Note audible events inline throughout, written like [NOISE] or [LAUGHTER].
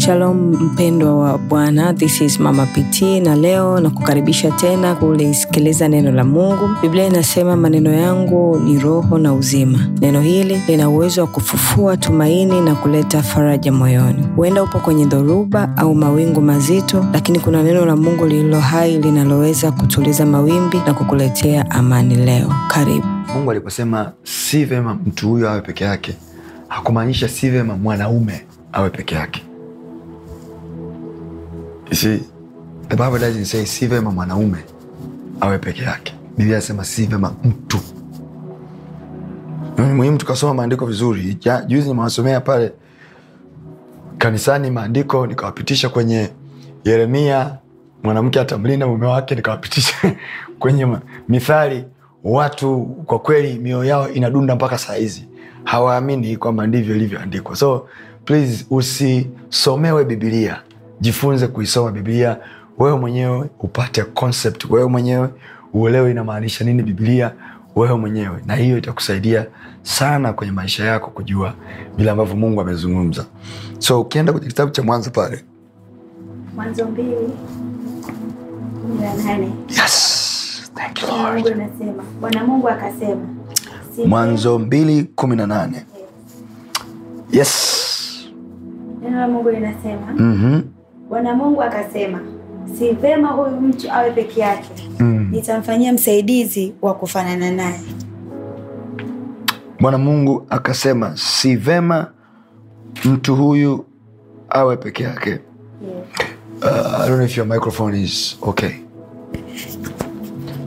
Shalom mpendwa wa Bwana, this is Mama PT na leo na kukaribisha tena kulisikiliza neno la Mungu. Biblia inasema maneno yangu ni roho na uzima. Neno hili lina uwezo wa kufufua tumaini na kuleta faraja moyoni. Huenda upo kwenye dhoruba au mawingu mazito, lakini kuna neno la Mungu lililo hai linaloweza kutuliza mawimbi na kukuletea amani leo. Karibu. Mungu aliposema si vema mtu huyo awe peke yake, hakumaanisha si vema mwanaume awe peke yake si, the Bible doesn't say si vema mwanaume awe peke yake. Biblia inasema si vema mtu. Ni muhimu tukasoma maandiko vizuri. Ja, juzi nimewasomea pale kanisani maandiko nikawapitisha kwenye Yeremia, mwanamke atamlinda mume wake, nikawapitisha [LAUGHS] kwenye Mithali. Watu kwa kweli mioyo yao inadunda mpaka saa hizi, hawaamini kwamba ndivyo ilivyoandikwa. So please usisomewe Biblia jifunze kuisoma Biblia wewe mwenyewe, upate concept wewe mwenyewe, uelewe inamaanisha nini Biblia wewe mwenyewe, na hiyo itakusaidia sana kwenye maisha yako kujua vile ambavyo Mungu amezungumza. So ukienda kwenye kitabu cha Mwanzo pale, Mwanzo mbili yes. Thank you Lord. Bwana Mungu akasema, Mwanzo mbili kumi na nane. Yes. Neno la Mungu linasema, mm -hmm. Bwana Mungu akasema si vema huyu mtu awe peke yake mm. nitamfanyia msaidizi wa kufanana naye. Bwana Mungu akasema si vema mtu huyu awe peke yake. Uh, I don't know if your microphone is okay.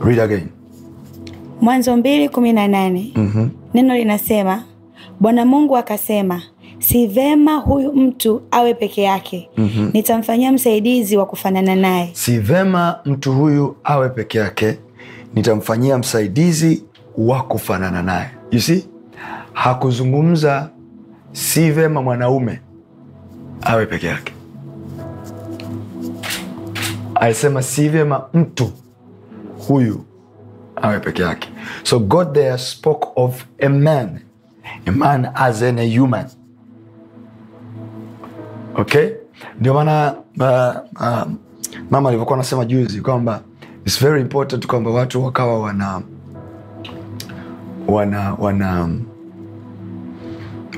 Read again. Mwanzo mbili kumi na nane. mm -hmm. Neno linasema Bwana Mungu akasema si vema huyu mtu awe peke yake mm-hmm. nitamfanyia msaidizi wa kufanana naye. Si vema mtu huyu awe peke yake, nitamfanyia msaidizi wa kufanana naye. You hakuzungumza si vema mwanaume awe peke yake, alisema si vema mtu huyu awe peke yake. So God there spoke of a man, a man as an a human okay? Ndio maana uh, uh, mama alivyokuwa anasema juzi kwamba it's very important kwamba watu wakawa wana wana wana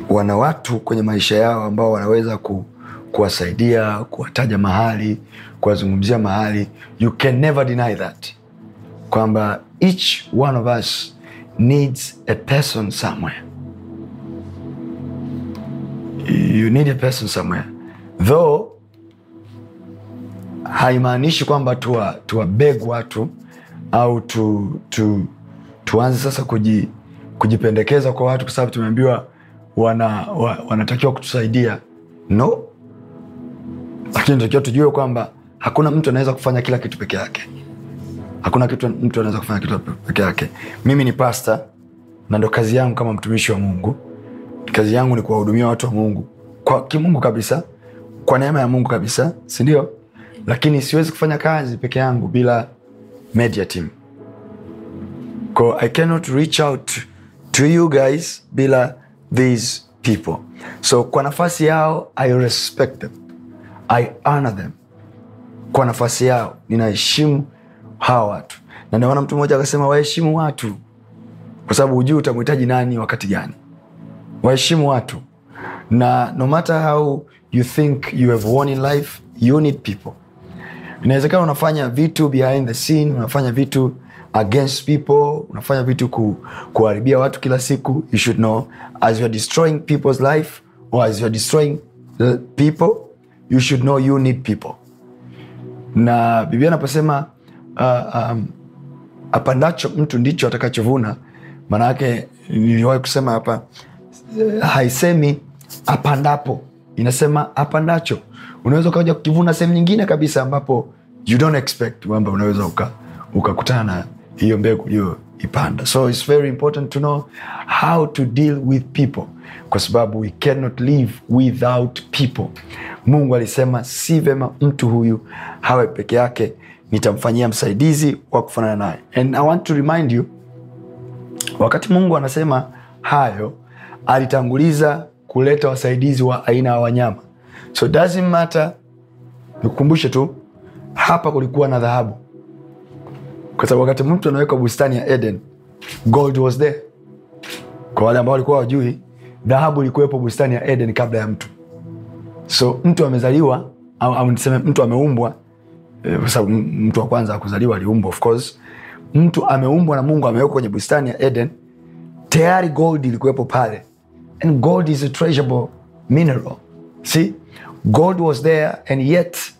wana watu kwenye maisha yao ambao wanaweza ku, kuwasaidia kuwataja mahali kuwazungumzia mahali. You can never deny that kwamba each one of us needs a person somewhere. You need a person somewhere tho haimaanishi kwamba tuwa, tuwa beg watu au tu, tu, tuanze sasa kuji, kujipendekeza kwa watu kwa sababu tumeambiwa wana, wa, wanatakiwa kutusaidia no, lakini tunatakiwa tujue kwamba hakuna mtu anaweza kufanya kila kitu peke yake. Hakuna kitu mtu anaweza kufanya kitu peke yake. Mimi ni pasta na ndo kazi yangu kama mtumishi wa Mungu, kazi yangu ni kuwahudumia watu wa Mungu kwa kimungu kabisa kwa neema ya mungu kabisa sindio lakini siwezi kufanya kazi peke yangu bila media team ko i cannot reach out to you guys bila these people so kwa nafasi yao i respect them i honor them kwa nafasi yao ninaheshimu hawa watu na ndio maana mtu mmoja akasema waheshimu watu kwa sababu hujui utamhitaji nani wakati gani waheshimu watu na no matter how you think you have won in life you need people inawezekana unafanya vitu behind the scene unafanya vitu against people unafanya vitu ku, kuharibia watu kila siku you should know as youare destroying people's life or as youare destroying uh, people you should know you need people na bibia anaposema uh, um, apandacho mtu ndicho atakachovuna maanayake niliwahi kusema hapa uh, haisemi apandapo inasema hapa hapandacho unaweza ukaja kukivuna sehemu nyingine kabisa ambapo you don't expect kwamba unaweza ukakutana uka na hiyo mbegu uliyoipanda so its very important to know how to deal with people kwa sababu we cannot live without people mungu alisema si vema mtu huyu hawe peke yake nitamfanyia msaidizi wa kufanana naye and i want to remind you wakati mungu anasema hayo alitanguliza kuleta wasaidizi wa aina ya wanyama. So doesn't matter, nikukumbushe tu hapa kulikuwa na dhahabu, kwa sababu wakati mtu anaweka bustani ya Eden, gold was there. Kwa wale ambao walikuwa wajui, dhahabu ilikuwepo bustani ya Eden kabla ya mtu. So mtu amezaliwa au, au niseme mtu ameumbwa eh, kwa sababu mtu wa kwanza akuzaliwa aliumbwa, of course. Mtu ameumbwa na Mungu amewekwa kwenye bustani ya Eden, tayari gold ilikuwepo pale And gold is a treasurable mineral. See, gold was there and yet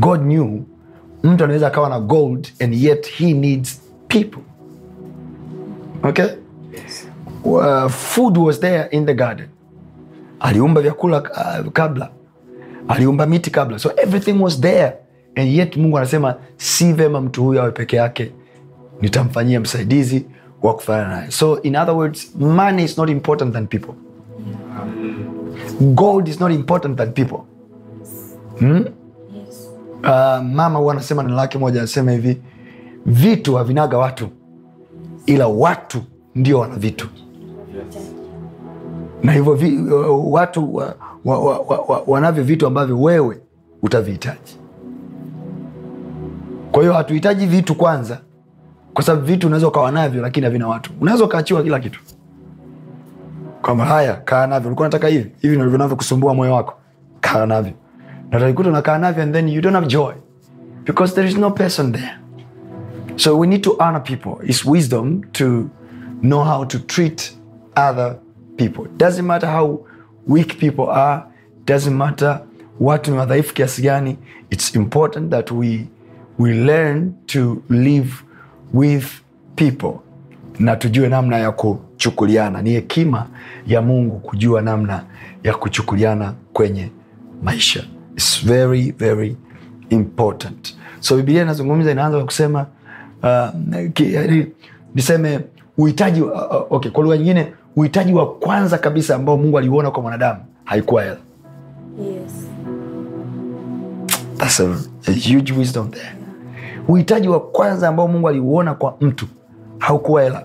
God knew mtu anaweza akawa na gold and yet he needs people. Okay? Yes. Uh, food was there in the garden. Aliumba vyakula uh, kabla. Aliumba miti kabla. So everything was there and yet Mungu anasema si vema mtu huyu awe peke yake, nitamfanyia msaidizi wa kufanana naye. So in other words, money is not important than people gold is not important than people hmm? yes. uh, ah, mama huwa anasema neno lake moja anasema hivi vitu havinaga watu ila watu ndio wana vitu yes. na hivyo vi, uh, watu wa, wa, wa, wa, wa, wanavyo vitu ambavyo wewe utavihitaji kwa hiyo hatuhitaji vitu kwanza kwa sababu vitu unaweza ukawa navyo lakini havina watu unaweza ukaachiwa kila kitu kwamba haya kaa navyo ulikuwa nataka hivi hivi ndio navyo kusumbua moyo wako kaa navyo na utajikuta unakaa navyo and then you don't have joy because there is no person there so we need to honor people its wisdom to know how to treat other people doesn't matter how weak people are doesn't matter watu ni wadhaifu kiasi gani it's important that we, we learn to live with people na tujue namna ya kuchukuliana. Ni hekima ya Mungu kujua namna ya kuchukuliana kwenye maisha. It's very, very important. So Biblia inazungumza, inaanza kwa kusema uh, niseme uhitaji uh, uh, okay, kwa lugha nyingine uhitaji wa kwanza kabisa ambao Mungu aliuona kwa mwanadamu haikuwa hela. Yes. That's a, a huge wisdom there. Uhitaji wa kwanza ambao Mungu aliuona kwa mtu haukuwa hela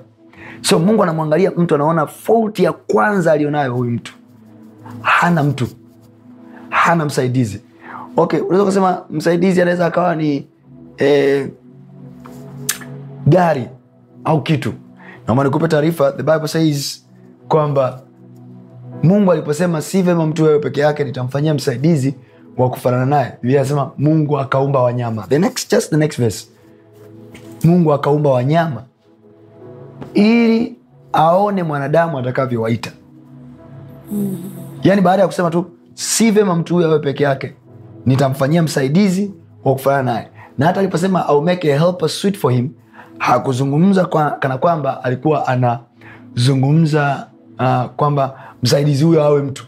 so mungu anamwangalia mtu anaona fauti ya kwanza aliyonayo huyu mtu hana mtu hana msaidizi okay unaweza kusema msaidizi anaweza akawa ni eh, gari au kitu naomba nikupe taarifa the bible says kwamba mungu aliposema si vema mtu wewe peke yake nitamfanyia msaidizi wa kufanana naye biblia anasema mungu akaumba wanyama the next, just the next verse mungu akaumba wanyama ili aone mwanadamu atakavyowaita. mm. Yaani, baada ya kusema tu si vema mtu huyu awe peke yake, nitamfanyia msaidizi wa kufanana naye. Na hata aliposema I'll make a helper suit for him, hakuzungumza kwa, kana kwamba alikuwa anazungumza uh, kwamba msaidizi huyo awe mtu.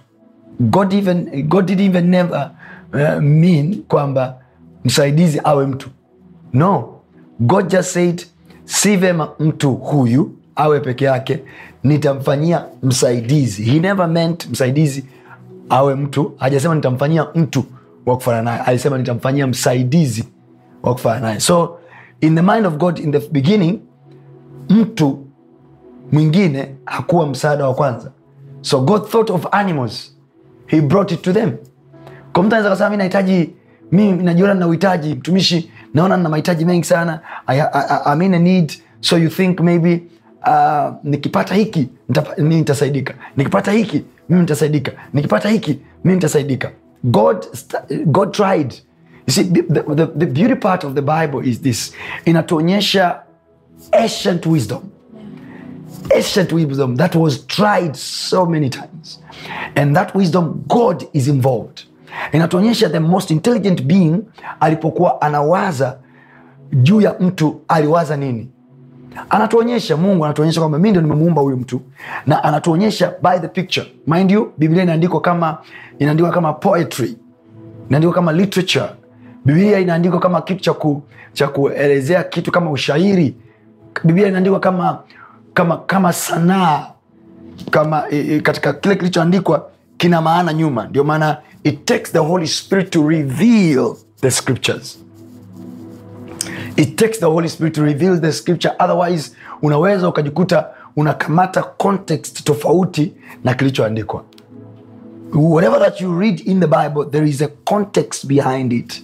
God even, God did even never uh, mean kwamba msaidizi awe mtu. No, God just said si vema mtu huyu awe peke yake, nitamfanyia msaidizi. He never meant msaidizi awe mtu, hajasema nitamfanyia mtu wa kufanana naye, alisema nitamfanyia msaidizi wa kufanana naye. So in the mind of God in the beginning, mtu mwingine hakuwa msaada wa kwanza. So God thought of animals, he brought it to them. Kwa mtu anaweza kasema mi nahitaji mi najiona na uhitaji mtumishi naona nina mahitaji mengi sana I, I, I, a need so you think maybe uh, nikipata hiki mi nitasaidika nikipata hiki mimi nitasaidika nikipata hiki mi nitasaidika god, god tried you see the, the, the beauty part of the bible is this inatuonyesha ancient wisdom ancient wisdom that was tried so many times and that wisdom god is involved inatuonyesha the most intelligent being alipokuwa anawaza juu ya mtu aliwaza nini anatuonyesha mungu anatuonyesha kwamba mi ndo nimemuumba huyu mtu na anatuonyesha by the picture mind you biblia inaandikwa kama inaandikwa kama poetry inaandikwa kama literature biblia inaandikwa kama kitu cha, ku, cha kuelezea kitu kama ushairi biblia inaandikwa kama kama kama sanaa kama e, e, katika kile kilichoandikwa kina maana nyuma ndio maana It takes the Holy Spirit to reveal the scriptures. It takes the Holy Spirit to reveal the scripture. Otherwise, unaweza ukajikuta unakamata context tofauti na kilichoandikwa. Whatever that you read in the Bible, there is a context behind it.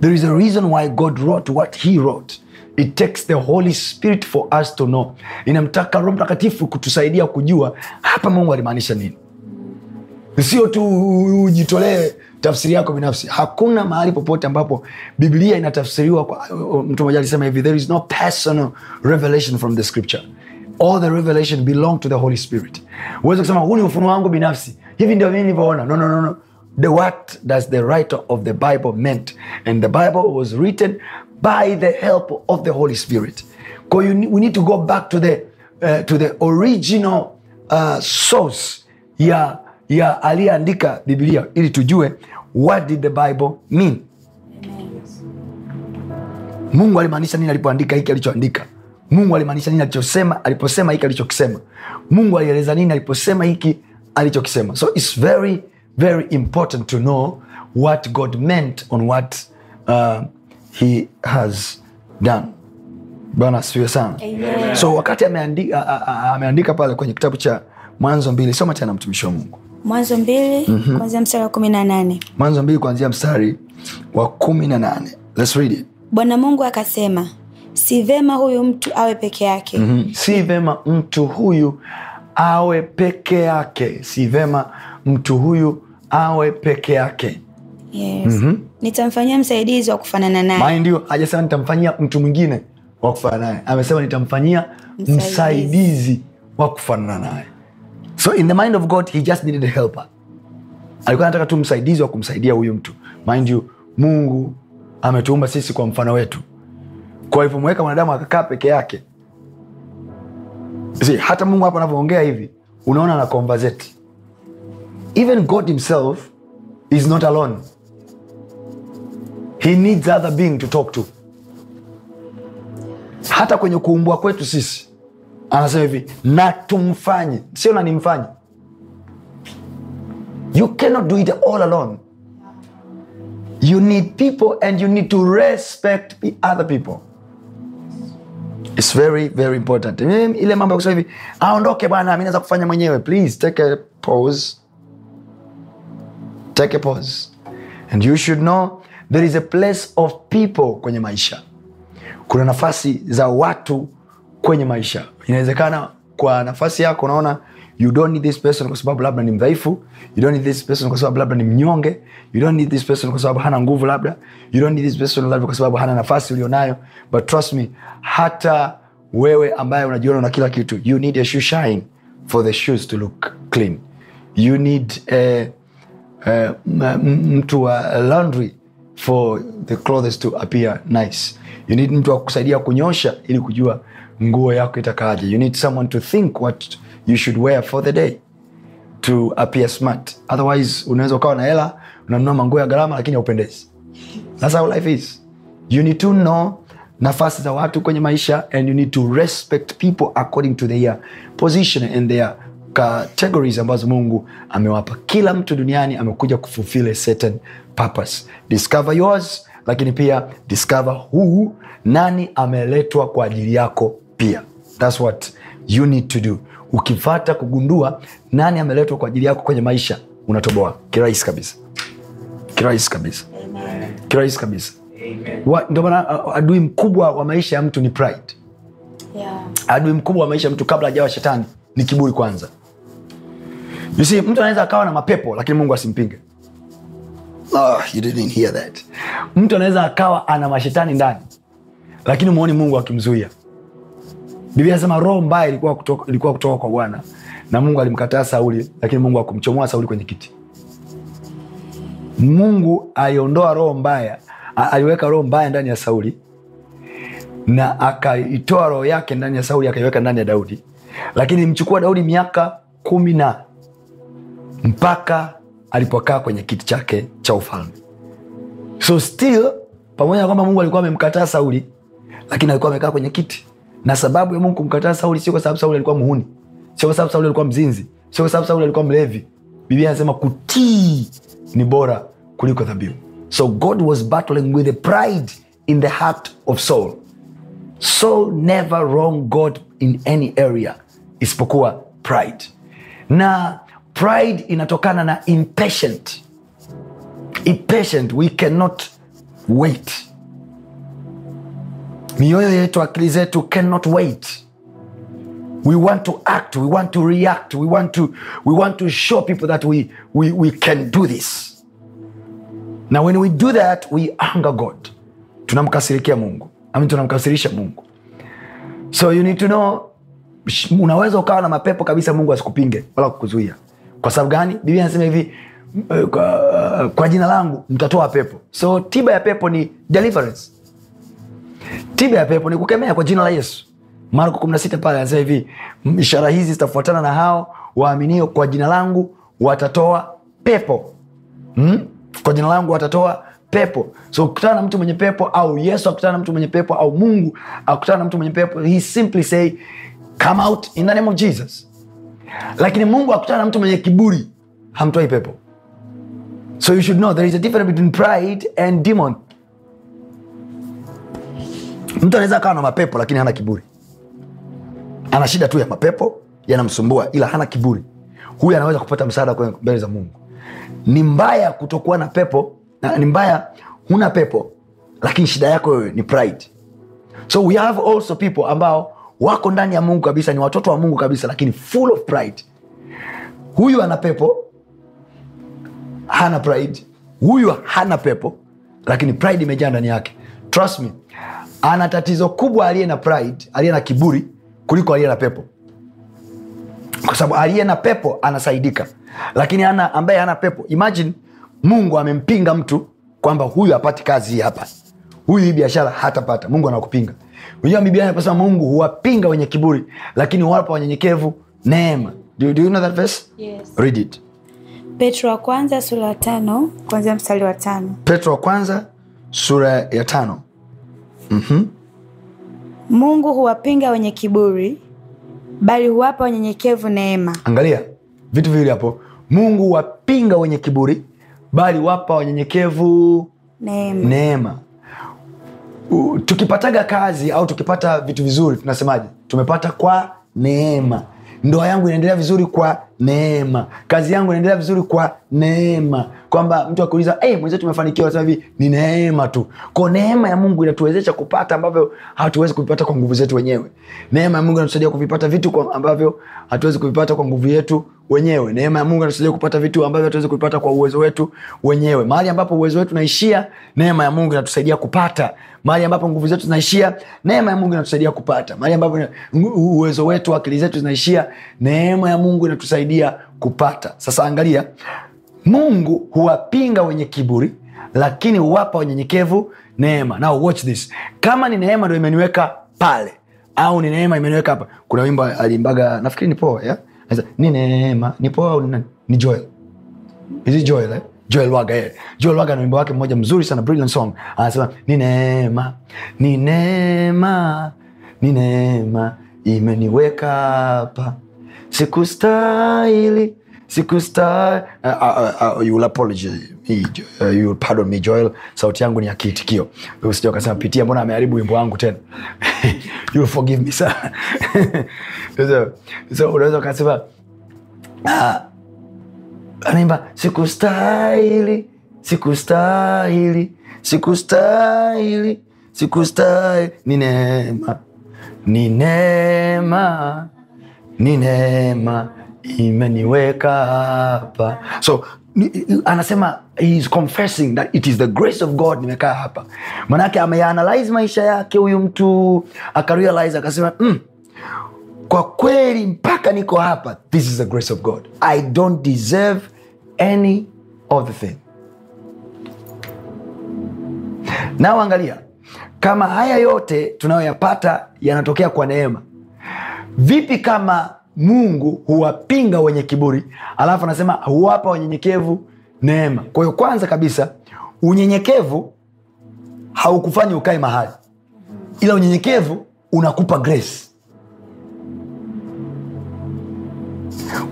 There is a reason why God wrote what he wrote. It takes the Holy Spirit for us to know. Inamtaka Roho Mtakatifu kutusaidia kujua hapa Mungu alimaanisha nini sio tu ujitolee tafsiri yako binafsi. Hakuna mahali popote ambapo Biblia inatafsiriwa kwa uh, mtu mmoja alisema hivi, there is no personal revelation from the scripture all the revelation belong to the holy spirit uweze kusema huu ni ufunuo wangu binafsi hivi ndio mii nilivyoona no, no, no, no. The, what does the writer of the bible meant and the bible was written by the help of the holy spirit so you, we need to go back to the, uh, to the original uh, source ya yeah ya aliyeandika bibilia ili tujue what did the bible mean mungu alimaanisha nini alipoandika hiki alichoandika mungu alimaanisha nini alichosema aliposema hiki alichokisema mungu alieleza nini aliposema hiki alichokisema so its very very important to know what god meant on what uh, he has done bwana asifiwe sana Amen. so wakati ameandika, ameandika pale kwenye kitabu cha mwanzo mbili soma tena mtumishi wa mungu mwanzo mbili mm-hmm. kwanzia mstari wa kumi na nane mwanzo mbili kuanzia mstari wa kumi na nane Let's read it. bwana mungu akasema si vema huyu mtu awe peke yake mm-hmm. si vema mtu huyu awe peke yake si vema mtu huyu awe peke yake yes. mm-hmm. nitamfanyia msaidizi wa kufanana naye ndio hajasema nitamfanyia mtu mwingine wa kufanana naye amesema nitamfanyia msaidizi, msaidizi wa kufanana naye so in the mind of god he just needed a helper alikuwa anataka tu msaidizi wa kumsaidia huyu mtu mind you mungu ametuumba sisi kwa mfano wetu kwa alivyomweka mwanadamu akakaa peke yake See, hata mungu hapo anavyoongea hivi unaona na konvazeti even god himself is not alone he needs other being to talk to hata kwenye kuumbwa kwetu sisi anasema hivi na tumfanye sio na nimfanye you cannot do it all alone you need people and you need to respect the other people its very very important ile mambo ya kusema hivi aondoke bwana mi naweza kufanya mwenyewe please take a pause take a pause and you should know there is a place of people kwenye maisha kuna nafasi za watu kwenye maisha inawezekana kwa nafasi yako unaona you don't need this person kwa sababu labda ni mdhaifu you don't need this person kwa sababu labda ni mnyonge you don't need this person kwa sababu hana nguvu labda you don't need this person labda kwa sababu hana nafasi ulionayo but trust me hata wewe ambaye unajiona na kila kitu you need a shoe shine for the shoes to look clean you need a, a, mtu wa laundry for the clothes to appear nice you need mtu wa kusaidia kunyosha ili kujua nguo yako itakaaje you need someone to think what you should wear for the day to appear smart otherwise unaweza ukawa na hela unanunua manguo ya gharama lakini haupendezi that's how life is you need to know nafasi za watu kwenye maisha and you need to respect people according to their position and their categories ambazo mungu amewapa kila mtu duniani amekuja kufulfill a certain purpose discover yours lakini pia discover huu nani ameletwa kwa ajili yako pia. That's what you need to do. Ukifata kugundua nani ameletwa kwa ajili yako kwenye maisha, unatoboa kirahisi kabisa, kirahisi kabisa, kirahisi kabisa. Ndio maana adui mkubwa wa maisha ya mtu ni pride. Yeah. Adui mkubwa wa maisha ya mtu kabla ajawa shetani ni kiburi kwanza. You see, mtu anaweza akawa na mapepo lakini Mungu asimpinge. Oh, you didn't hear that. Mtu anaweza akawa ana mashetani ndani lakini muoni Mungu akimzuia. Biblia inasema roho mbaya ilikuwa kutoka, ilikuwa kutoka kwa Bwana na Mungu alimkataa Sauli, lakini Mungu akumchomoa Sauli kwenye kiti. Mungu aliondoa roho mbaya, aliweka roho mbaya ndani ya Sauli na akaitoa roho yake ndani ya Sauli akaiweka ndani ya Daudi, lakini imchukua Daudi miaka kumi na mpaka alipokaa kwenye kiti chake cha ufalme. So still pamoja na kwamba Mungu alikuwa amemkataa Sauli, lakini alikuwa amekaa kwenye kiti na sababu ya Mungu kumkataa Sauli sio kwa sababu Sauli alikuwa muhuni, sio kwa sababu Sauli alikuwa mzinzi, sio kwa sababu Sauli alikuwa mlevi. Biblia anasema kutii ni bora kuliko dhabihu. So God was battling with the pride in the heart of Saul. Saul never wrong God in any area isipokuwa pride, na pride inatokana na impatient. Impatient, we cannot wait mioyo yetu akili zetu cannot wait we want to act we want to react we want to, we want to show people that we, we, we can do this na when we do that we anger god tunamkasirikia mungu amin tunamkasirisha mungu so you need to know unaweza ukawa na mapepo kabisa mungu asikupinge wala kukuzuia kwa sababu gani biblia anasema hivi eh, kwa, kwa jina langu mtatoa pepo so tiba ya pepo ni deliverance Tiba ya pepo ni kukemea kwa jina la Yesu. Marko 16 pale anasema hivi, ishara hizi zitafuatana na hao waaminio, kwa jina langu watatoa pepo hmm? Kwa jina langu watatoa pepo. So ukutana na mtu mwenye pepo au Yesu akutana na mtu mwenye pepo au Mungu akutana na mtu mwenye pepo, he simply say come out in the name of Jesus. Lakini Mungu akutana na mtu mwenye kiburi, hamtoi pepo. So you should know there is a difference between pride and demon mtu anaweza akawa na mapepo lakini hana kiburi ana shida tu ya mapepo yanamsumbua ila hana kiburi huyu anaweza kupata msaada mbele za mungu ni mbaya kutokuwa na pepo na, ni mbaya huna pepo lakini shida yako wewe ni pride so we have also people ambao wako ndani ya mungu kabisa ni watoto wa mungu kabisa lakini full of pride huyu ana pepo hana pride huyu hana pepo lakini pride imejaa ndani yake trust me ana tatizo kubwa aliye na pride aliye na kiburi kuliko aliye na pepo kwa sababu aliye na pepo anasaidika lakini ana ambaye hana pepo imagine mungu amempinga mtu kwamba huyu hapati kazi hii hapa huyu hii biashara hatapata mungu anakupinga wenyewe biblia anasema mungu huwapinga wenye kiburi lakini huwapa wanyenyekevu neema do, do you know that verse? Yes. Read it. petro wa kwanza sura ya tano kwanzia mstari wa tano petro wa kwanza sura ya tano mm-hmm. Mungu huwapinga wenye kiburi, bali huwapa wanyenyekevu neema. Angalia vitu viwili hapo, Mungu huwapinga wenye kiburi, bali huwapa wanyenyekevu neema, neema. U, tukipataga kazi au tukipata vitu vizuri tunasemaje? Tumepata kwa neema. Ndoa yangu inaendelea vizuri kwa neema kazi yangu inaendelea vizuri kwa neema kwamba mtu akiuliza hey, eh, mwenzetu umefanikiwa sasa hivi ni neema tu ko neema ya mungu inatuwezesha kupata ambavyo hatuwezi kuvipata kwa nguvu zetu wenyewe neema ya mungu inatusaidia kuvipata vitu ambavyo hatuwezi kuvipata kwa nguvu yetu wenyewe neema ya mungu inatusaidia kupata vitu ambavyo hatuwezi kuvipata kwa uwezo wetu wenyewe mahali ambapo uwezo wetu unaishia neema ya mungu inatusaidia kupata mahali ambapo nguvu zetu zinaishia neema ya mungu inatusaidia kupata mahali ambapo uwezo wetu akili zetu zinaishia neema ya mungu inatusaidia kusaidia kupata. Sasa angalia, Mungu huwapinga wenye kiburi, lakini huwapa wanyenyekevu neema. Now watch this, kama ni neema ndo imeniweka pale au ni neema imeniweka hapa. Kuna wimbo alimbaga, nafikiri ni poa yeah? ni neema ni poa au ni Joel, hizi Joel eh? Joel Waga yeye. Joel Waga ana wimbo wake mmoja mzuri sana, brilliant song. Anasema ni neema, ni neema, ni neema imeniweka hapa sikustahili uh, uh, uh, uh apologize uh, pardon me Joel sauti yangu ni ya kiitikio usija pitia mbona ameharibu wimbo wangu tena [LAUGHS] forgive me so, [LAUGHS] unaweza ukasema uh, anaimba sikustahili sikustahili sikustahili sikustahili ni neema ni neema ni neema imeniweka hapa so anasema he is confessing that it is the grace of god nimekaa hapa manake ameanalyze maisha yake huyu mtu akarealize akasema mm, kwa kweli mpaka niko hapa this is the grace of god i don't deserve any of the thing nao angalia kama haya yote tunayoyapata yanatokea kwa neema vipi kama mungu huwapinga wenye kiburi alafu anasema huwapa wanyenyekevu neema kwa hiyo kwanza kabisa unyenyekevu haukufanyi ukae mahali ila unyenyekevu unakupa grace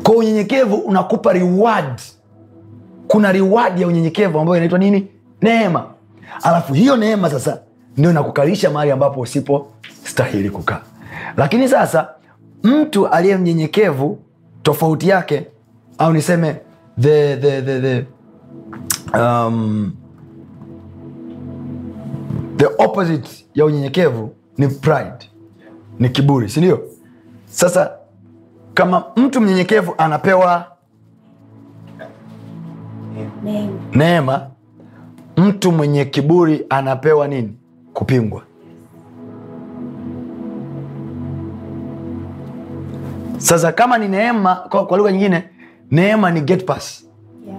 kwa unyenyekevu unakupa reward kuna reward ya unyenyekevu ambayo inaitwa nini neema alafu hiyo neema sasa ndio inakukalisha mahali ambapo usipo stahili kukaa lakini sasa mtu aliye mnyenyekevu tofauti yake au niseme the, the, the, the, um, the opposite ya unyenyekevu ni pride ni kiburi sindio sasa kama mtu mnyenyekevu anapewa neema mtu mwenye kiburi anapewa nini kupingwa sasa kama ni neema kwa, kwa lugha nyingine neema ni pass yeah.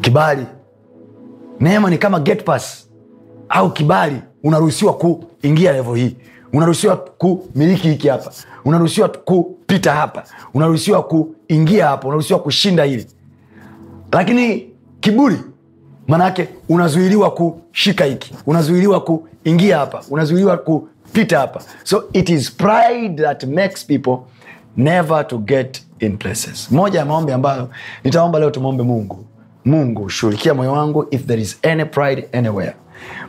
kibali neema ni kama pass au kibali unaruhusiwa kuingia levo hii unaruhusiwa kumiliki hiki hapa unaruhusiwa kupita hapa unaruhusiwa kuingia hapa unaruhusiwa kushinda hili lakini kiburi maanaake unazuiliwa kushika hiki unazuiliwa kuingia hapa unazuiliwa ku pita hapa so it is pride that makes people never to get in places moja ya maombi ambayo nitaomba leo tumwombe mungu mungu shughulikia moyo wangu if there is any pride anywhere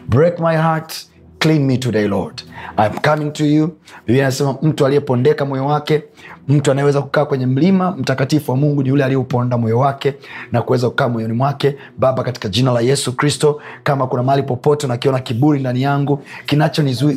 break my heart clean me today lord I'm coming to you biblia anasema mtu aliyepondeka moyo wake mtu anayeweza kukaa kwenye mlima mtakatifu wa mungu ni yule aliyeuponda moyo wake na kuweza kukaa moyoni mwake baba katika jina la yesu kristo kama kuna mahali popote nakiona kiburi ndani yangu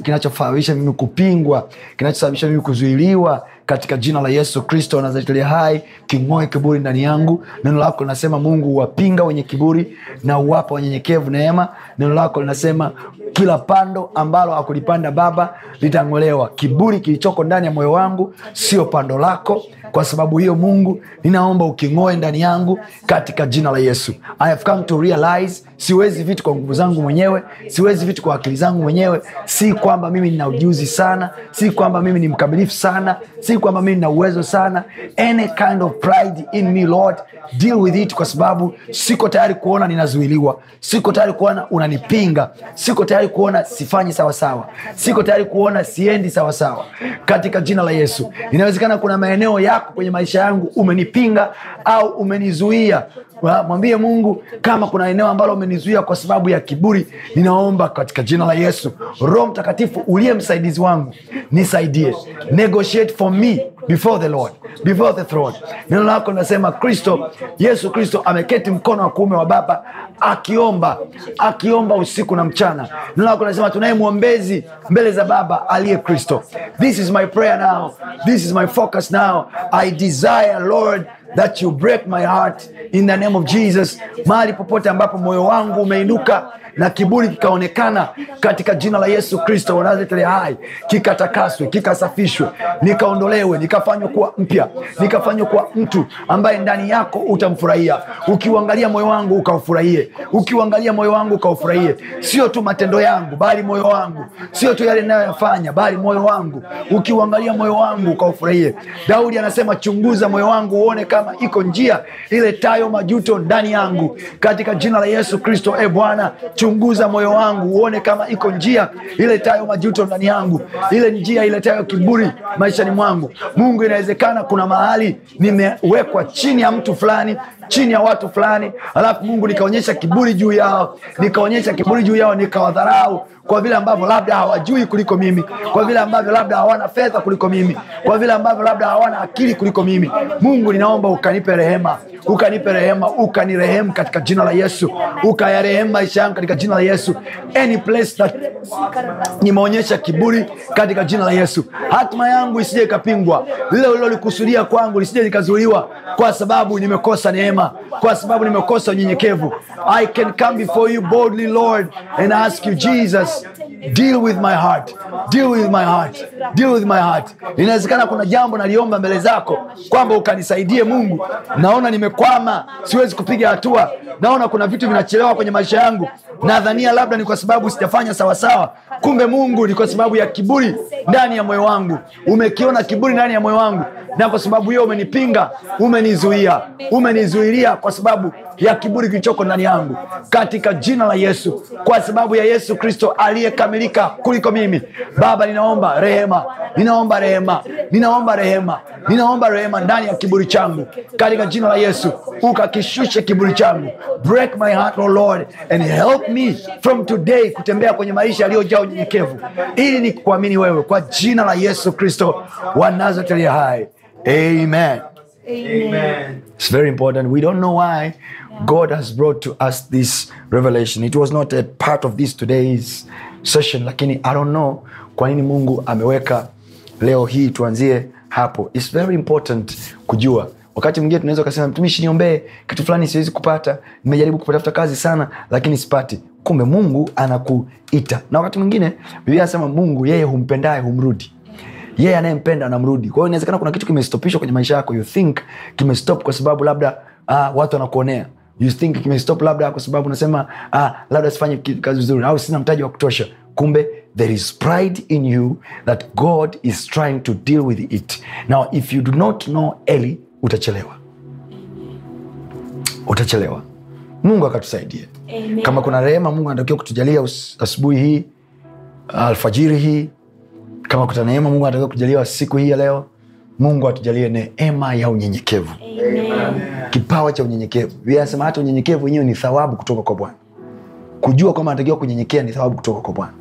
kinachosababisha kinacho mimi kupingwa kinachosababisha mimi kuzuiliwa katika jina la yesu kristo nazatilia hai king'oe kiburi ndani yangu neno lako linasema mungu huwapinga wenye kiburi na huwapa wanyenyekevu neema neno lako linasema kila pando ambalo akulipanda baba litang'olewa kiburi kilichoko ndani ya moyo wangu sio pando lako kwa sababu hiyo mungu ninaomba uking'oe ndani yangu katika jina la yesu I have come to realize siwezi vitu kwa nguvu zangu mwenyewe siwezi vitu kwa akili zangu mwenyewe si kwamba mimi nina ujuzi sana si kwamba mimi ni mkamilifu sana si kwamba mi nina uwezo sana any kind of pride in me lord deal with it kwa sababu siko tayari kuona ninazuiliwa siko tayari kuona unanipinga siko tayari kuona sifanyi sawasawa siko tayari kuona siendi sawasawa katika jina la yesu inawezekana kuna maeneo yako kwenye maisha yangu umenipinga au umenizuia mwambie mungu kama kuna eneo ambalo umenizuia kwa sababu ya kiburi ninaomba katika jina la yesu roho mtakatifu uliye msaidizi wangu nisaidie negotiate for me before the Lord, before the throne. Neno lako nasema Kristo, Yesu Kristo ameketi mkono wa kuume wa Baba akiomba, akiomba usiku na mchana. Neno lako nasema tunaye mwombezi mbele za Baba aliye Kristo. This is my prayer now, this is my focus now. I desire Lord that you break my heart in the name of Jesus. Mahali popote ambapo moyo wangu umeinuka na kiburi kikaonekana, katika jina la Yesu Kristo wa Nazareti hai, kikatakaswe, kikasafishwe, nikaondolewe, nikafanywe kuwa mpya, nikafanywe kuwa mtu ambaye ndani yako utamfurahia. Ukiuangalia moyo wangu ukaufurahie, ukiuangalia moyo wangu ukaufurahie, sio tu matendo yangu, bali moyo wangu, sio tu yale ninayoyafanya, bali moyo wangu. Ukiuangalia moyo wangu ukaufurahie. Daudi anasema, chunguza moyo wangu uone ka kama iko njia iletayo majuto ndani yangu, katika jina la Yesu Kristo. E Bwana, chunguza moyo wangu uone kama iko njia iletayo majuto ndani yangu, ile njia iletayo kiburi maishani mwangu. Mungu, inawezekana kuna mahali nimewekwa chini ya mtu fulani chini ya watu fulani alafu mungu nikaonyesha kiburi juu yao nikaonyesha kiburi juu yao nikawadharau kwa vile ambavyo labda hawajui kuliko mimi kwa vile ambavyo labda hawana fedha kuliko mimi kwa vile ambavyo labda hawana akili kuliko mimi mungu ninaomba ukanipe rehema ukanipe rehema ukanirehemu katika jina la yesu ukayarehemu maisha yangu katika jina la yesu any place that nimeonyesha kiburi katika jina la yesu hatima yangu isije ikapingwa lile ulilolikusudia kwangu lisije likazuliwa kwa sababu nimekosa neema mema kwa sababu nimekosa unyenyekevu i can come before you boldly lord and ask you jesus deal with my heart deal with my heart deal with my heart inawezekana kuna jambo naliomba mbele zako kwamba ukanisaidie mungu naona nimekwama siwezi kupiga hatua naona kuna vitu vinachelewa kwenye maisha yangu nadhania labda ni kwa sababu sijafanya sawasawa kumbe mungu ni kwa sababu ya kiburi ndani ya moyo wangu umekiona kiburi ndani ya moyo wangu na kwa sababu hiyo umenipinga umenizuia umenizuia nitalilia kwa sababu ya kiburi kilichoko ndani yangu, katika jina la Yesu, kwa sababu ya Yesu Kristo aliyekamilika kuliko mimi. Baba, ninaomba rehema, ninaomba rehema, ninaomba rehema, ninaomba rehema ndani ya kiburi changu, katika jina la Yesu, ukakishushe kiburi changu. Break my heart, oh Lord, and help me from today kutembea kwenye maisha yaliyojaa unyenyekevu, ili nikuamini wewe, kwa jina la Yesu Kristo wa Nazareti hai, amen. Amen. It's very important. We don't know why yeah. God has brought to us this revelation. It was not a part of this today's session, lakini I don't know kwa nini Mungu ameweka leo hii tuanzie hapo. It's very important kujua wakati mwingine tunaweza ukasema mtumishi, niombee kitu fulani, siwezi kupata, nimejaribu kupatafuta kazi sana, lakini sipati. Kumbe Mungu anakuita, na wakati mwingine Biblia anasema Mungu yeye humpendaye humrudi yeye yeah, anayempenda anamrudi kwa hiyo inawezekana kuna kitu kimestopishwa kwenye maisha yako you think kimestop kwa sababu labda uh, watu wanakuonea you think kimestop labda kwa sababu unasema uh, labda sifanye kazi vizuri au sina mtaji wa kutosha kumbe there is pride in you that god is trying to deal with it now if you do not know early utachelewa utachelewa mungu akatusaidie kama kuna rehema mungu anatakiwa kutujalia asubuhi hii alfajiri hii kama kuta neema mungu anatakiwa kujaliwa siku hii ya leo mungu atujalie neema ya unyenyekevu kipawa cha unyenyekevu Anasema hata unyenyekevu wenyewe ni thawabu kutoka kwa bwana kujua kwamba anatakiwa kunyenyekea ni thawabu kutoka kwa bwana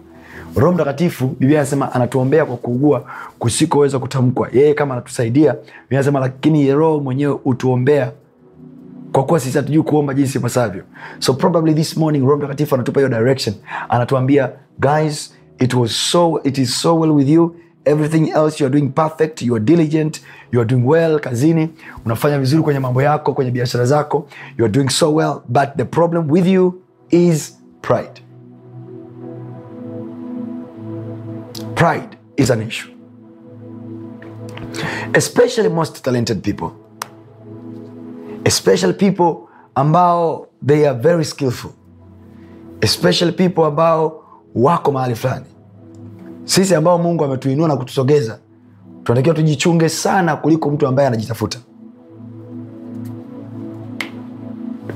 roho mtakatifu biblia anasema anatuombea kwa kuugua kusikoweza kutamkwa yeye kama anatusaidia anasema lakini roho mwenyewe hutuombea kwa kuwa sisi hatujui kuomba jinsi ipasavyo so probably this morning roho mtakatifu anatupa hiyo direction anatuambia guys It was so, it is so well with you. Everything else you are doing perfect, you are diligent, you are doing well kazini, unafanya vizuri kwenye mambo yako, kwenye biashara zako, you are doing so well, but the problem with you is pride. Pride is an issue. Especially most talented people. Especially people ambao they are very skillful. Especially people ambao wako mahali fulani sisi ambao mungu ametuinua na kutusogeza tunatakiwa tujichunge sana kuliko mtu ambaye anajitafuta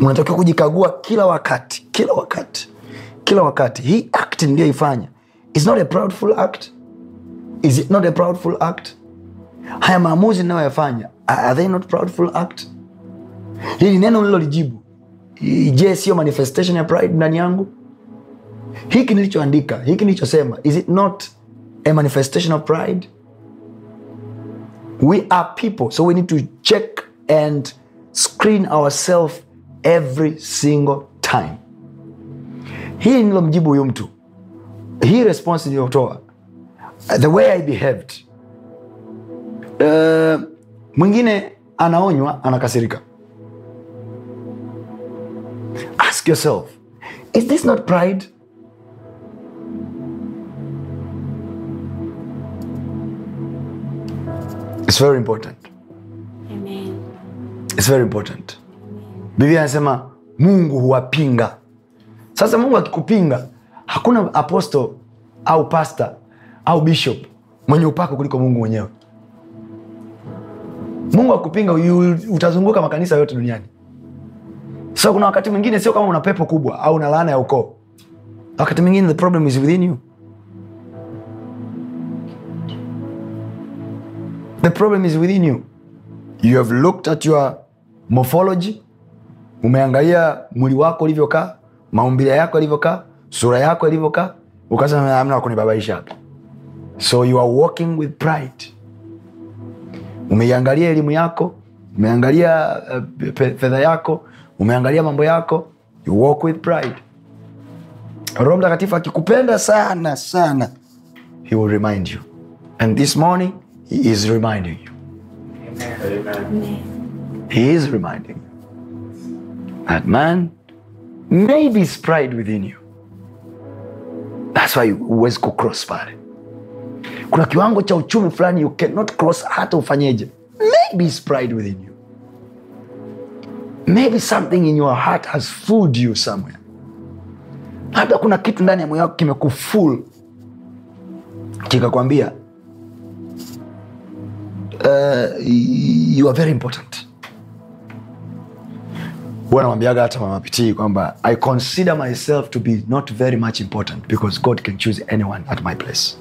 unatakiwa kujikagua kila wakati kila wakati kila wakati hii act niliyoifanya is not a proudful act is it not a proudful act haya maamuzi ninayoyafanya are they not proudful act hili neno nililolijibu je siyo manifestation ya pride ndani yangu hiki nilichoandika hiki nilichosema is it not a manifestation of pride we are people so we need to check and screen ourselves every single time hii nilomjibu huyu mtu hii response niliyotoa the way i behaved uh, mwingine anaonywa anakasirika ask yourself is this not pride It's very important. Amen. It's very important. Biblia anasema Mungu huwapinga. Sasa Mungu akikupinga, hakuna apostle au pastor au bishop mwenye upako kuliko Mungu mwenyewe. Mungu akupinga, utazunguka makanisa yote duniani. So kuna wakati mwingine sio kama una pepo kubwa au una laana ya ukoo, wakati mwingine the problem is within you. The problem is within you. You have looked at your morphology, umeangalia mwili wako ulivyokaa, maumbile yako yalivyokaa, sura yako yalivyokaa, ukasema amna kunibabaisha hapa. So you are walking with pride. Umeiangalia elimu yako, umeangalia uh, fedha yako, umeangalia mambo yako, you walk with pride. Roho Mtakatifu akikupenda sana sana, he will remind you. And this morning He is reminding you. Amen. Amen. He is reminding you that man may be pride within you. That's why go cross pale. Kuna kiwango cha uchumi fulani you cannot cross, hata ufanyeje. Maybe it's pride within you. Maybe something in your heart has fooled you somewhere. Labda kuna kitu ndani ya moyo wako kimekuful kikakwambia uh, you are very important huwa namwambiaga hata mamapitii kwamba i consider myself to be not very much important because god can choose anyone at my place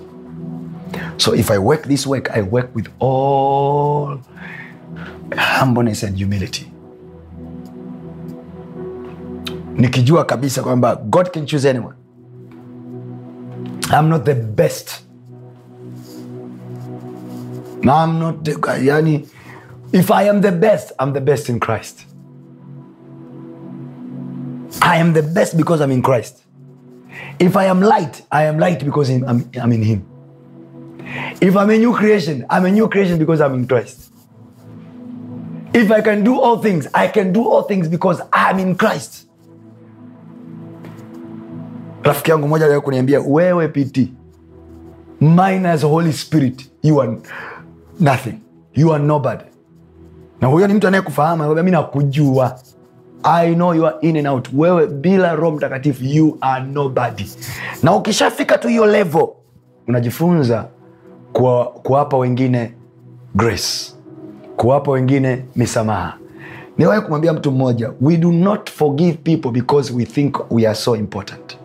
so if i work this work i work with all humbleness and humility nikijua kabisa kwamba god can choose anyone i'm not the best no i'm not the guy yani if i am the best i'm the best in christ i am the best because i'm in christ if i am light i am light because I'm, I'm in him if i'm a new creation i'm a new creation because i'm in christ if i can do all things i can do all things because i'm in christ rafiki yangu moja leo kuniambia wewe pt minus holy spirit you are nothing you are nobody na huyo ni mtu anayekufahamu anakwambia mi nakujua i know you are in and out wewe bila roho mtakatifu you are nobody na ukishafika tu hiyo level unajifunza kuwa, kuwapa wengine grace kuwapa wengine misamaha niwahi kumwambia mtu mmoja we do not forgive people because we think we are so important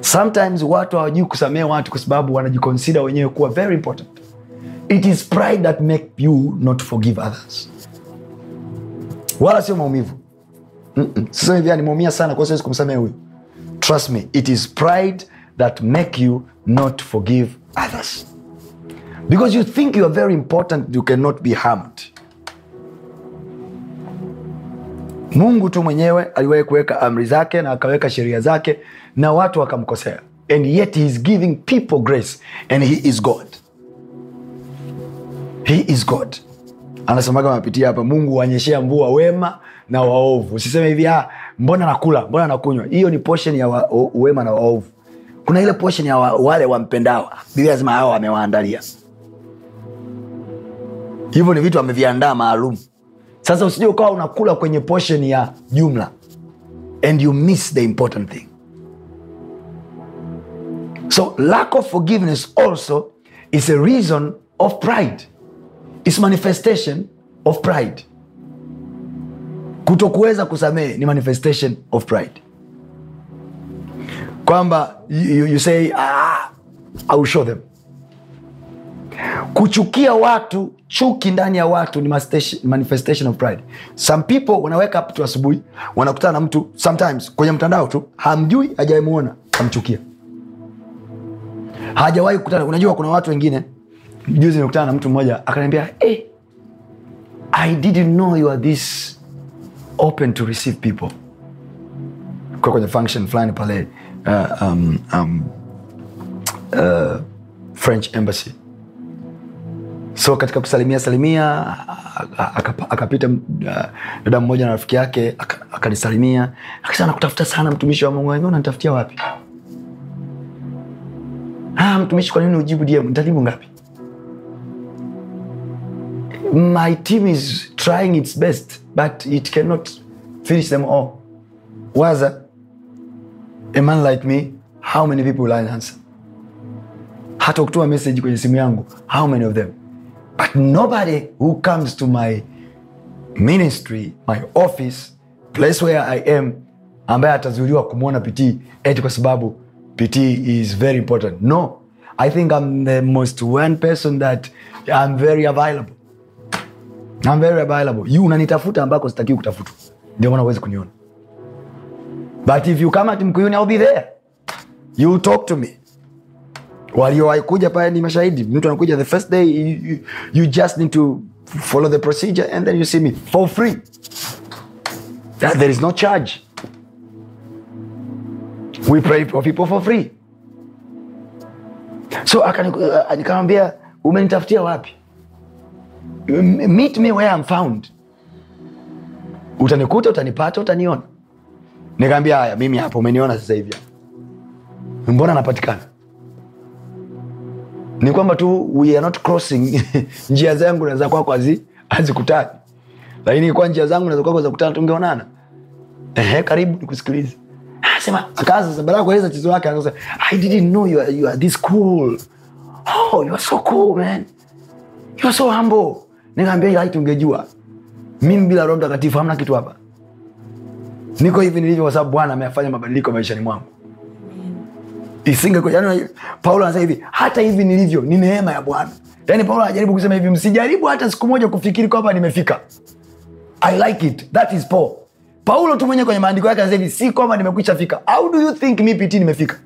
sometimes watu hawajui kusamehe watu kwa sababu wanajikonsida wenyewe kuwa very important It is pride that make you not forgive others, wala sio maumivu. Siseme hivi sana kwa siwezi kumsamehe huyu. Trust me, it is pride that make you not forgive others because you think you are very important, you cannot be harmed. Mungu tu mwenyewe aliwahi kuweka amri zake na akaweka sheria zake na watu wakamkosea, and yet he is giving people grace and he is God he is god anasemaga mapitia hapa mungu huanyeshea mbua wema na waovu Siseme hivi ah, mbona nakula mbona nakunywa hiyo ni portion ya wa, o, wema na waovu kuna ile portion ya wa, wale wampendao biblia lazima hawa wamewaandalia hivyo ni vitu ameviandaa maalum sasa usije ukawa unakula kwenye portion ya jumla and you miss the important thing so lack of forgiveness also is a reason of pride is manifestation of pride kutokuweza kusamehe ni manifestation of pride kwamba you, you say ah, I will show them kuchukia watu chuki ndani ya watu ni manifestation of pride some people wanaweka up tu asubuhi wanakutana na mtu sometimes kwenye mtandao tu hamjui hajawai muona amchukia hajawahi kukutana unajua kuna watu wengine juzi nikutana na mtu mmoja akaniambia hey, eh, i didn't know you are this open to receive people kwa kwenye function fulani pale uh, um, um, uh, french embassy so katika kusalimia salimia akapita uh, dada mmoja na rafiki yake akanisalimia akasema nakutafuta sana mtumishi wa mungu wengi unanitafutia wapi ah, mtumishi kwa nini ujibu dm nitajibu ngapi my team is trying its best but it cannot finish them all waza a man like me how many people will I answer hata ukutuma message kwenye simu yangu how many of them but nobody who comes to my ministry my office place where i am ambaye atazuiliwa kumwona pt eti kwa sababu pt is very important no i think i'm the most one person that i'm very available I'm very available. You unanitafuta ambako sitakiwi kutafutwa, ndio maana huwezi kuniona. But if you come at Mkuyuni, I'll be there. You talk to me. Waliowahi kuja pale ni mashahidi. Mtu anakuja the first day, you, you, you just need to follow the procedure and then you see me for free. That there is no charge. We pray for people for free. So uh, akanikamwambia, umenitafutia wapi? meet me where I'm found utanikuta utanipata utaniona nikaambia haya mimi hapo umeniona sasa hivi mbona napatikana? ni kwamba tu we are not crossing [LAUGHS] njia zangu na za kwako hazikutani lakini kwa njia zangu na za kwako zakutana tungeonana ehe karibu nikusikilize sema akaanza baada ya kueleza tatizo lake anasema i didn't know you are, you are this cool oh you are so cool man you are so humble Nikaambia ila hiti ungejua. Mimi bila Roho Mtakatifu hamna kitu hapa. Niko hivi nilivyo kwa sababu Bwana ameyafanya mabadiliko maishani mwangu. Isingekuwa yani Paulo anasema hivi, hata hivi nilivyo ni neema ya Bwana. Yaani Paulo anajaribu kusema hivi, msijaribu hata siku moja kufikiri kwamba nimefika. I like it. That is Paul. Paulo tu mwenyewe kwenye maandiko yake anasema hivi, si kwamba nimekwisha fika. How do you think mi piti nimefika?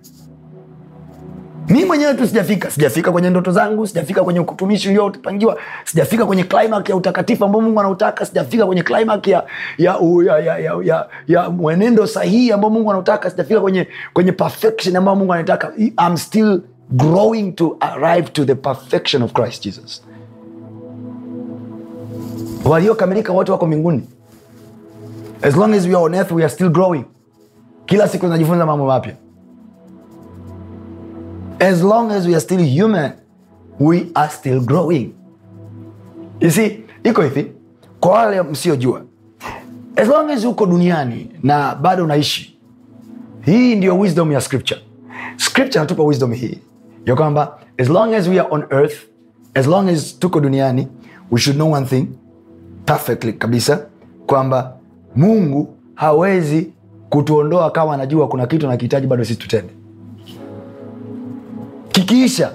mi mwenyewe tu sijafika sijafika kwenye ndoto zangu sijafika kwenye utumishi uliopangiwa sijafika kwenye climax ya utakatifu ambao mungu anautaka sijafika kwenye climax ya, ya, ya, ya, ya, ya, ya mwenendo sahihi ambao mungu anautaka sijafika kwenye kwenye perfection ambayo mungu anataka I'm still growing to arrive to the perfection of christ jesus waliokamilika wote wako mbinguni as long as we are on earth we are still growing kila siku tunajifunza mambo mapya As long as we are still human, we are still growing. You see, iko hivi kwa wale msiojua, as long as uko duniani na bado unaishi, hii ndio wisdom ya scripture. Scripture natupa wisdom hii ya kwamba as long as we are on earth, as long as tuko duniani, we should know one thing perfectly kabisa kwamba Mungu hawezi kutuondoa kama anajua kuna kitu anakihitaji bado sisi tutende kikiisha.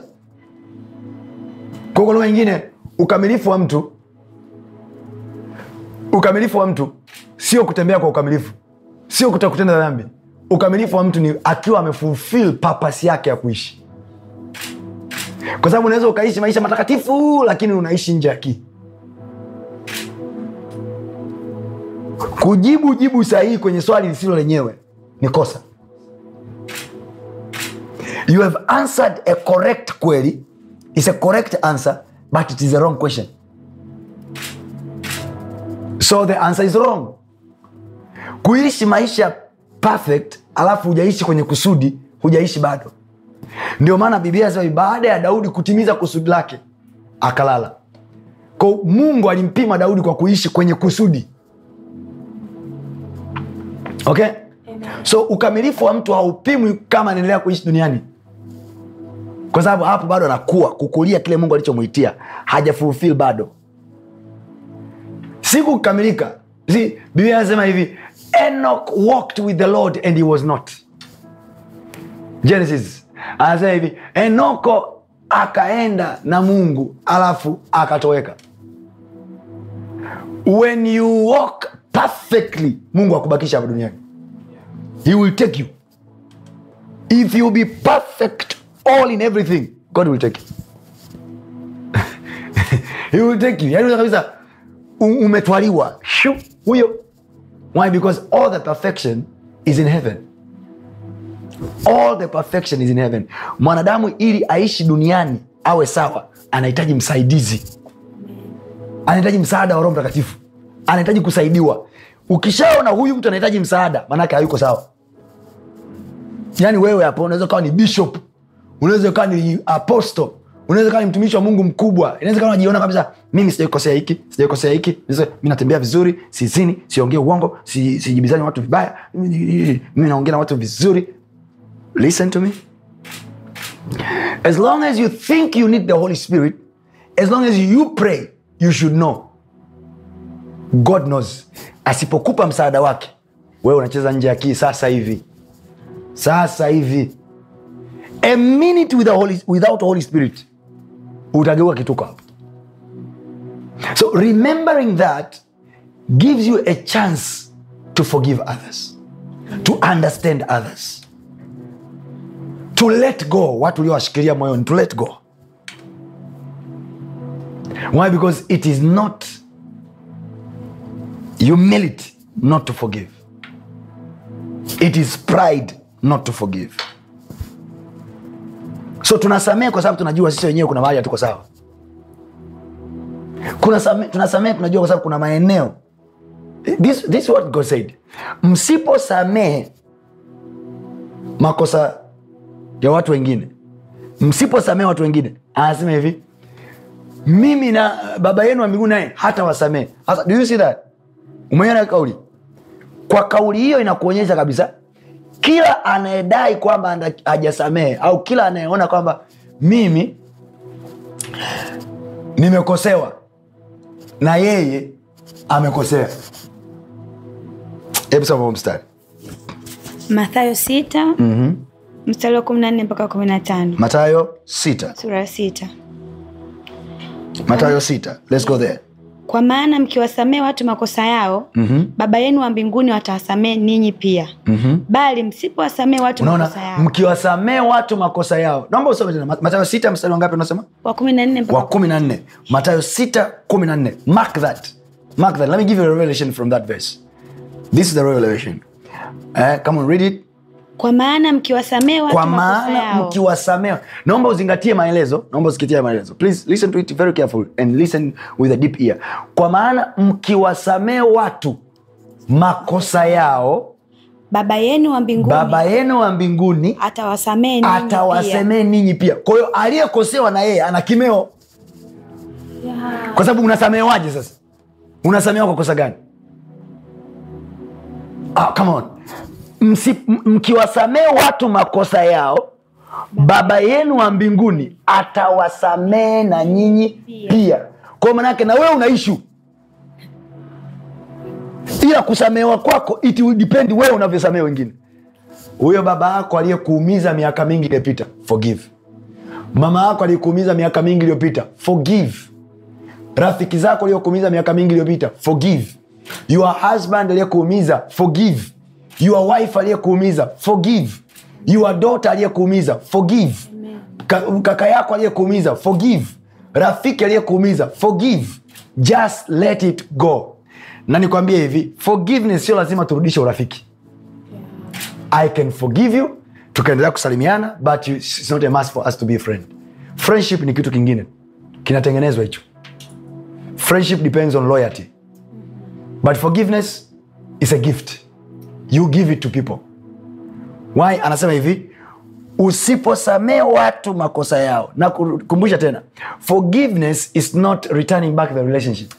Kwa lugha nyingine, ukamilifu wa mtu ukamilifu wa mtu sio kutembea kwa ukamilifu, sio kutakutenda dhambi. Ukamilifu wa mtu ni akiwa amefulfil purpose yake ya kuishi, kwa sababu unaweza ukaishi maisha matakatifu lakini unaishi nje ya kii Kujibu jibu sahihi kwenye swali lisilo lenyewe ni kosa you have answered a correct query it's a correct answer but it is a wrong question so the answer is wrong kuishi maisha perfect alafu hujaishi kwenye kusudi hujaishi bado ndio maana bibia sema baada ya daudi kutimiza kusudi lake akalala ko mungu alimpima daudi kwa kuishi kwenye kusudi okay Amen. so ukamilifu wa mtu haupimwi kama anaendelea kuishi duniani kwa sababu hapo bado anakuwa kukulia kile mungu alichomwitia hajafulfil bado siku kukamilika si biblia anasema hivi eno walked with the lord and he was not genesis anasema hivi enoko akaenda na mungu alafu akatoweka when you walk perfectly mungu akubakisha hapa duniani he will take you if you be perfect all in everything god will take you [LAUGHS] he will take you yani kabisa umetwaliwa huyo why because all the perfection is in heaven all the perfection is in heaven mwanadamu ili aishi duniani awe sawa anahitaji msaidizi anahitaji msaada wa roho mtakatifu anahitaji kusaidiwa ukishaona huyu mtu anahitaji msaada maanake hayuko sawa yaani wewe hapo unaweza ukawa ni bishop unaweza ukawa ni aposto unaweza kawa ni mtumishi wa mungu mkubwa inaweza kawa unajiona kabisa mimi sijaikosea hiki sijaikosea hiki mi natembea vizuri sizini siongee uongo sijibizani si watu vibaya mimi naongea na watu vizuri listen to me as long as you think you need the holy spirit as long as you pray you should know god knows asipokupa msaada wake wewe unacheza nje ya kii sasa hivi sasa hivi a minute without holy, without holy spirit utageuka kituka so remembering that gives you a chance to forgive others to understand others to let go watu uliowashikilia moyoni to let go why because it is not humility not to forgive it is pride not to forgive so tunasamehe kwa sababu tunajua sisi wenyewe kuna mahali hatuko sawa tunasamehe tunajua kwa sababu kuna maeneo this, this what God said msiposamehe makosa ya watu wengine msiposamehe watu wengine anasema hivi mimi na baba yenu wa miguu naye hata wasamehe sasa do you see that umeona kauli kwa kauli hiyo inakuonyesha kabisa kila anayedai kwamba hajasamehe au kila anayeona kwamba mimi nimekosewa na yeye amekosea hebu sama mstari mathayo sita mm-hmm. mstari wa kumi na nne mpaka kumi na tano matayo sita sura sita matayo sita Let's go there kwa maana mkiwasamee watu makosa yao mm-hmm. baba yenu wa mbinguni watawasamee ninyi pia mm-hmm. bali msipowasamee watu Unaona, makosa yao mkiwasamehe watu makosa yao naomba usome tena matayo sita mstari wangapi unasema wa kumi na nne wa kumi na nne matayo sita kumi na nne mark that mark that let me give you a revelation from that verse this is the revelation uh, come on read it kwa maana mkiwasamehe watu kwa maana mkiwasamehe naomba uzingatie maelezo naomba usikitie maelezo please listen to it very careful and listen with a deep ear kwa maana mkiwasamehe watu makosa yao baba yenu wa mbinguni, baba yenu wa mbinguni atawasamehe ninyi atawasamehe ninyi pia kwa hiyo aliyekosewa na yeye ana kimeo kwa sababu unasamehewaje sasa unasamehewa kwa kosa gani ah, come on mkiwasamehe watu makosa yao baba yenu wa mbinguni atawasamehe na nyinyi pia kwa manake na wewe una ishu ila kusamewa kwako it wewe unavyosamehe wengine huyo baba yako aliyekuumiza miaka mingi iliyopita forgive mama yako aliyekuumiza miaka mingi iliyopita forgive rafiki zako aliyokuumiza miaka mingi iliyopita forgive your husband aliyekuumiza forgive your wife aliyekuumiza forgive your daughter aliyekuumiza forgive kaka yako aliyekuumiza forgive rafiki aliyekuumiza forgive just let it go na nikwambie hivi forgiveness sio lazima turudishe urafiki i can forgive you tukaendelea kusalimiana but you, it's not a must for us to be a friend friendship ni kitu kingine kinatengenezwa hicho friendship depends on loyalty but forgiveness is a gift you give it to people why anasema hivi usiposamee watu makosa yao na kukumbusha tena forgiveness is not returning back the relationship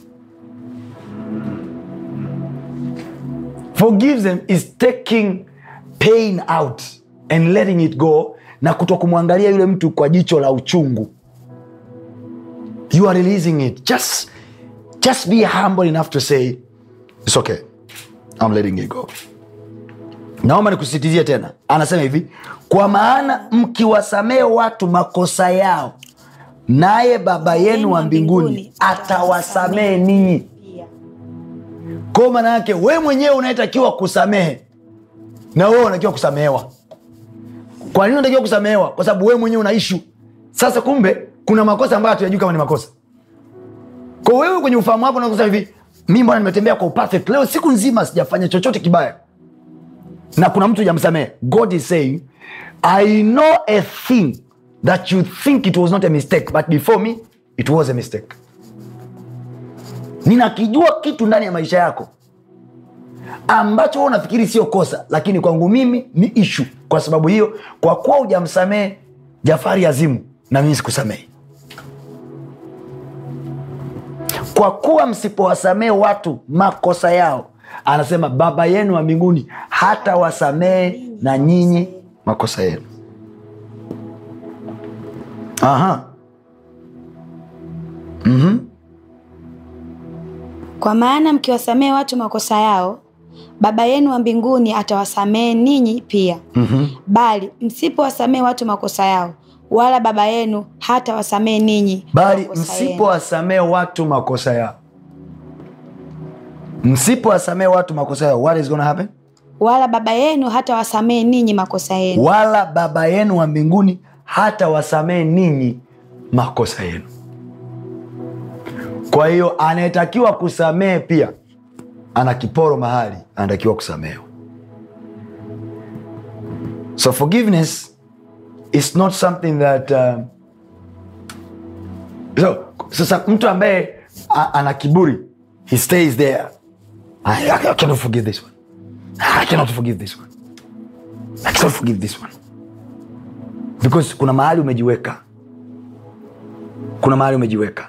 forgives them is taking pain out and letting it go na kuto kumwangalia yule mtu kwa jicho la uchungu you are releasing it just, just be humble enough to say it's okay i'm letting it go naomba nikusisitizie tena anasema hivi kwa maana mkiwasamehe watu makosa yao naye baba yenu wa mbinguni atawasamehe ninyi kwao maana yake we mwenyewe unayetakiwa kusamehe na wewe unatakiwa kusamehewa kwa nini unatakiwa kusamehewa kwa sababu wewe mwenyewe una ishu sasa kumbe kuna makosa ambayo hatuyajui kama ni makosa kwa wewe kwenye ufahamu wako unakosa hivi mi mbona nimetembea kwa perfect leo siku nzima sijafanya chochote kibaya na kuna mtu jamsamehe god is saying i know a thing that you think it was not a mistake but before me it was a mistake ninakijua kitu ndani ya maisha yako ambacho huwa unafikiri sio kosa lakini kwangu mimi ni ishu kwa sababu hiyo kwa kuwa ujamsamehe jafari azimu na mimi sikusamehi kwa kuwa msipowasamehe watu makosa yao anasema baba yenu wa mbinguni hata wasamehe na nyinyi makosa yenu aha mm-hmm. kwa maana mkiwasamehe watu makosa yao baba yenu wa mbinguni atawasamehe ninyi pia mm-hmm. bali msipowasamehe watu makosa yao wala baba yenu hata wasamehe ninyi bali msipowasamehe watu makosa yao msipowasamehe watu makosa yao what is gonna happen wala baba yenu hata wasamehe ninyi makosa yenu wala baba yenu wa mbinguni hata wasamehe ninyi makosa yenu kwa hiyo anayetakiwa kusamehe pia ana kiporo mahali anatakiwa kusamehewa so forgiveness is not something that uh, so, sasa mtu ambaye ana kiburi he stays there I, I, I cannot forgive this one. I cannot forgive this one. I cannot forgive this one. Because kuna mahali umejiweka, kuna mahali umejiweka,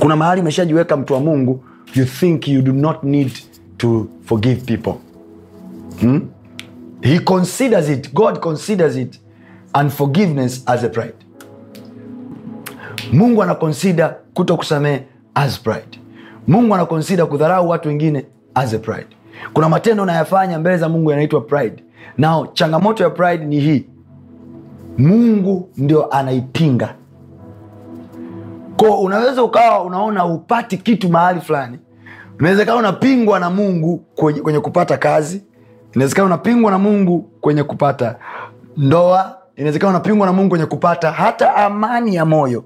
kuna mahali umeshajiweka, mtu wa Mungu, you think you do not need to forgive people. Hmm? He considers it, God considers it unforgiveness as a pride. Mungu anakonsida kuto kusamehe as pride mungu anakonsida kudharau watu wengine as a pride kuna matendo unayafanya mbele za mungu yanaitwa pride nao changamoto ya pride ni hii mungu ndio anaipinga ko unaweza ukawa unaona upati kitu mahali fulani unawezekana unapingwa na mungu kwenye kupata kazi inawezekana unapingwa na mungu kwenye kupata ndoa inawezekana unapingwa na mungu kwenye kupata hata amani ya moyo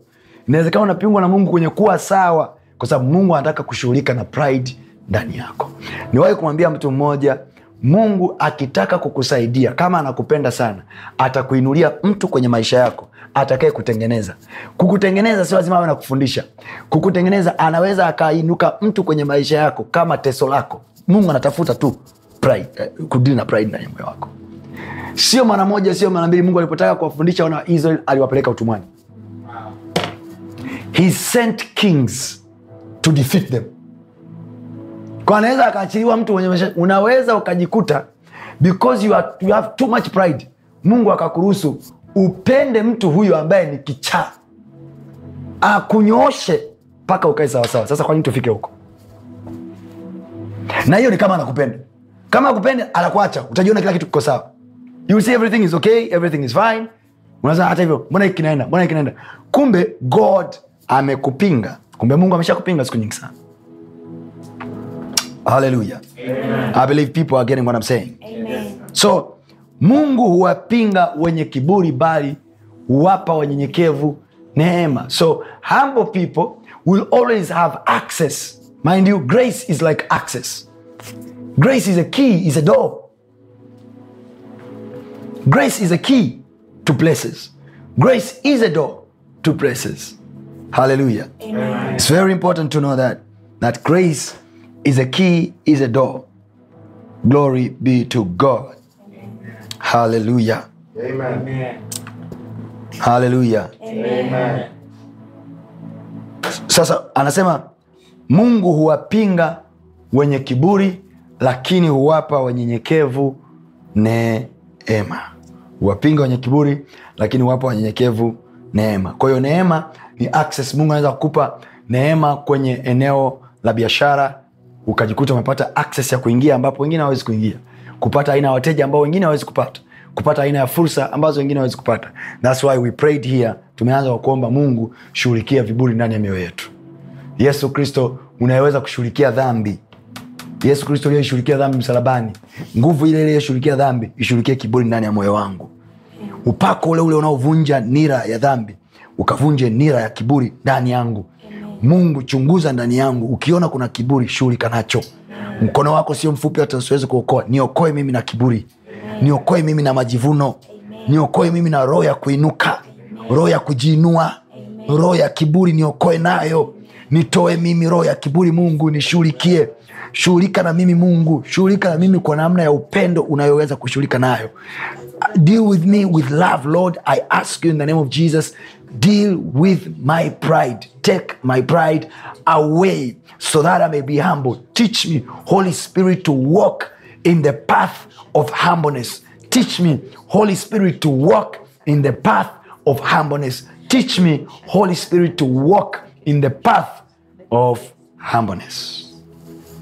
inawezekana unapingwa na mungu kwenye kuwa sawa kwa sababu mungu anataka kushughulika na pride ndani yako niwahi kumwambia mtu mmoja mungu akitaka kukusaidia kama anakupenda sana atakuinulia mtu kwenye maisha yako atakaye kutengeneza kukutengeneza sio lazima awe nakufundisha kukutengeneza anaweza akainuka mtu kwenye maisha yako kama teso lako mungu anatafuta tu pride, eh, kudili na pride ndani ya moyo wako sio mara moja sio mara mbili mungu alipotaka kuwafundisha wana wa israel aliwapeleka utumwani he sent kings to defeat them kwa anaweza akaachiliwa mtu mwenye maisha unaweza ukajikuta because you, are, you have too much pride mungu akakuruhusu upende mtu huyo ambaye ni kichaa akunyooshe mpaka ukae sawasawa sasa kwa kwanini tufike huko na hiyo ni kama anakupenda kama akupenda anakuacha utajiona kila kitu kiko sawa you see everything is okay everything is fine unasema hata hivyo mbona hiki kinaenda mbona hiki kinaenda kumbe god amekupinga kumbe mungu ameshakupinga siku nyingi sana haleluya i believe people are getting what i'm saying Amen. so mungu huwapinga wenye kiburi bali huwapa wanyenyekevu neema so humble people will always have access mind you grace is like access grace is a key is a door grace is a key to places grace is a door to places Hallelujah. Amen. It's very important to know that that grace is a key, is a door. Glory be to God. Amen. Hallelujah. Amen. Hallelujah. Amen. Sasa anasema Mungu huwapinga wenye kiburi, lakini huwapa wanyenyekevu neema. Huwapinga wenye kiburi, lakini huwapa wanyenyekevu neema. Kwa hiyo neema ni access mungu anaweza kukupa neema kwenye eneo la biashara ukajikuta umepata access ya kuingia ambapo wengine hawawezi kuingia kupata aina ya wateja ambao wengine hawawezi kupata kupata aina ya fursa ambazo wengine hawawezi kupata thats why we prayed here tumeanza kwa kuomba mungu shughulikia viburi ndani ya mioyo yetu yesu kristo unayeweza kushughulikia dhambi yesu kristo uliyeshughulikia dhambi msalabani nguvu ile ile iliyeshughulikia dhambi ishughulikie kiburi ndani ya moyo wangu upako ule ule unaovunja nira ya dhambi ukavunje nira ya kiburi ndani yangu mungu chunguza ndani yangu ukiona kuna kiburi shughulika nacho mkono wako sio mfupi hata siwezi kuokoa niokoe mimi na kiburi niokoe mimi na majivuno niokoe mimi na roho ya kuinuka roho ya kujiinua roho ya kiburi niokoe nayo nitoe mimi roho ya kiburi mungu nishughulikie shughulika na mimi mungu shughulika na mimi kwa namna ya upendo unayoweza kushughulika nayo deal with me with love lord i ask you in the name of jesus deal with my pride take my pride away so that i may be humble teach me holy spirit to walk in the path of humbleness teach me holy spirit to walk in the path of humbleness teach me holy spirit to walk in the path of humbleness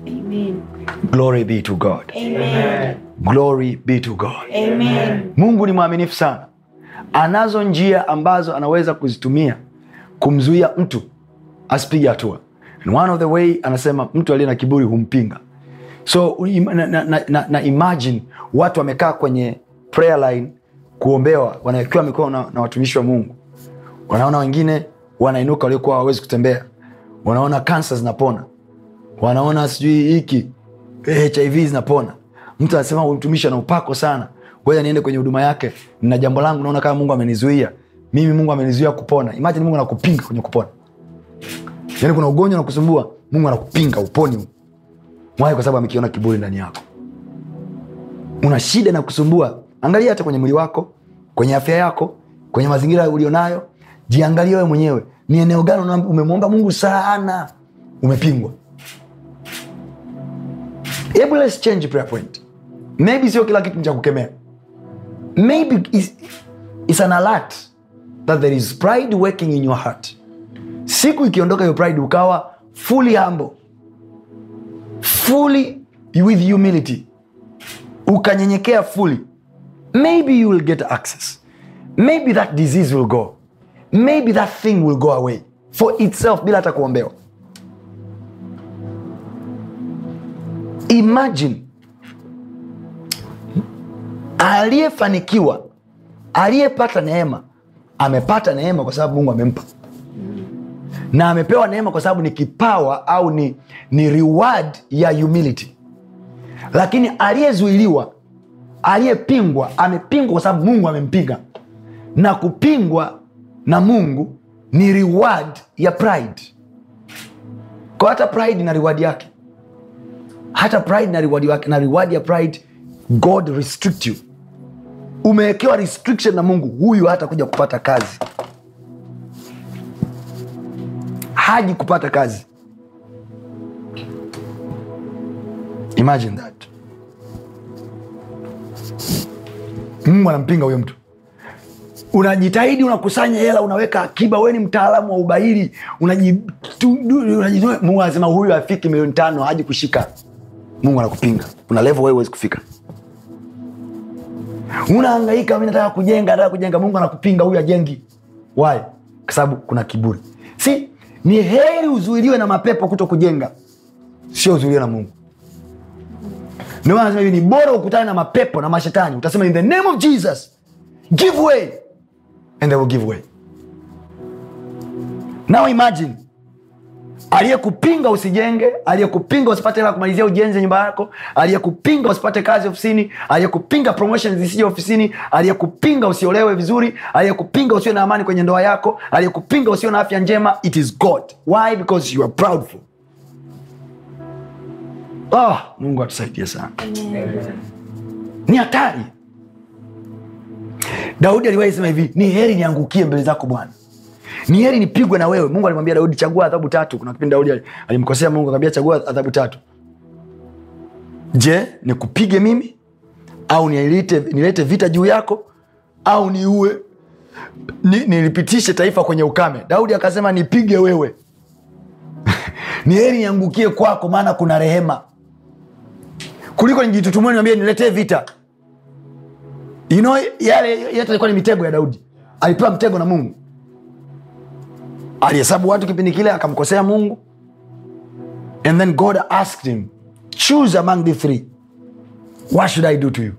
Amen. glory be to god Amen. glory be to god Amen. mungu ni mwaminifu sana anazo njia ambazo anaweza kuzitumia kumzuia mtu asipige hatua one of the way anasema mtu aliye na kiburi humpinga so na, na, na, na imagine watu wamekaa kwenye prayer line kuombewa wanawekewa mikono na, na watumishi wa mungu wanaona wengine wanainuka waliokuwa wawezi kutembea wanaona kansa zinapona wanaona sijui hiki hiv zinapona mtu anasema mtumishi ana upako sana ngoja niende kwenye huduma yake na jambo langu naona kama mungu amenizuia mimi mungu amenizuia kupona imagine mungu anakupinga kwenye kupona Yani kuna ugonjwa nakusumbua mungu anakupinga uponi mwai kwa sababu amekiona kiburi ndani yako una shida na kusumbua angalia hata kwenye mwili wako kwenye afya yako kwenye mazingira ulionayo jiangalia wewe mwenyewe ni eneo gani umemwomba mungu sana umepingwa hebu let's change prayer point maybe sio kila kitu ni cha kukemea maybe it's, it's an alert that there is pride working in your heart siku ikiondoka your pride ukawa fully humble fully with humility ukanyenyekea fully maybe you will get access maybe that disease will go maybe that thing will go away for itself bila hata kuombewa imagine Aliyefanikiwa, aliyepata neema, amepata neema kwa sababu Mungu amempa na amepewa neema kwa sababu ni kipawa au ni, ni reward ya humility. Lakini aliyezuiliwa, aliyepingwa, amepingwa kwa sababu Mungu amempiga na kupingwa na Mungu ni reward ya pride. Kwa hata pride na reward yake, hata pride na reward yake, na reward ya pride, God restrict you umewekewa restriction na mungu huyu hata kuja kupata kazi haji kupata kazi imagine that mungu anampinga huyo mtu unajitahidi unakusanya hela unaweka akiba we ni mtaalamu wa ubahiri mungu anasema huyu afiki milioni tano haji kushika mungu anakupinga kuna levo wee huwezi kufika unaangaika mi nataka kujenga nataka kujenga mungu anakupinga huyu ajengi why kwa sababu kuna kiburi si ni heri uzuiliwe na mapepo kuto kujenga sio uzuiliwe na mungu hivi ni bora ukutane na mapepo na mashetani utasema in the name of jesus give way and they will give way now imagine aliyekupinga usijenge aliyekupinga usipate hela kumalizia ujenzi nyumba yako aliyekupinga usipate kazi ofisini aliyekupinga promotion zisije ofisini aliyekupinga usiolewe vizuri aliyekupinga usiwe na amani kwenye ndoa yako aliyekupinga usiwe na afya njema it is god why because you are proudful oh, mungu atusaidie sana ni hatari daudi aliwahi sema hivi ni heri niangukie mbele zako bwana ni heri nipigwe na wewe mungu alimwambia daudi chagua adhabu tatu kuna kipindi daudi alimkosea mungu akaambia chagua adhabu tatu je nikupige mimi au nilete, nilete vita juu yako au niue ni, nilipitishe taifa kwenye ukame daudi akasema nipige wewe [LAUGHS] ni heri niangukie kwako maana kuna rehema kuliko nijitutumue niambie niletee vita you know, yale yote alikuwa ni mitego ya daudi alipewa mtego na mungu alihesabu watu kipindi kile akamkosea mungu and then god asked him choose among the three what should i do to you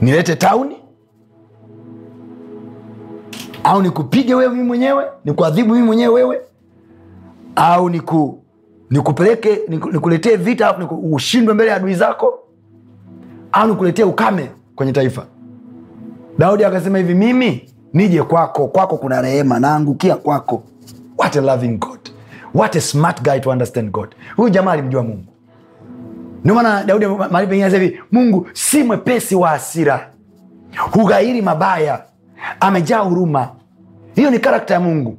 nilete tauni au nikupige wewe mii mwenyewe nikuadhibu mii mwenyewe wewe au niku nikupeleke nikuletee vita niku, ushindwe mbele ya adui zako au nikuletee ukame kwenye taifa daudi akasema hivi mimi nije kwako kwako kuna rehema naangukia kwako what a loving god what a smart guy to understand god huyu jamaa alimjua mungu ndio maana daudi mahali pengine anasema mungu si mwepesi wa asira hughairi mabaya amejaa huruma hiyo ni karakta ya mungu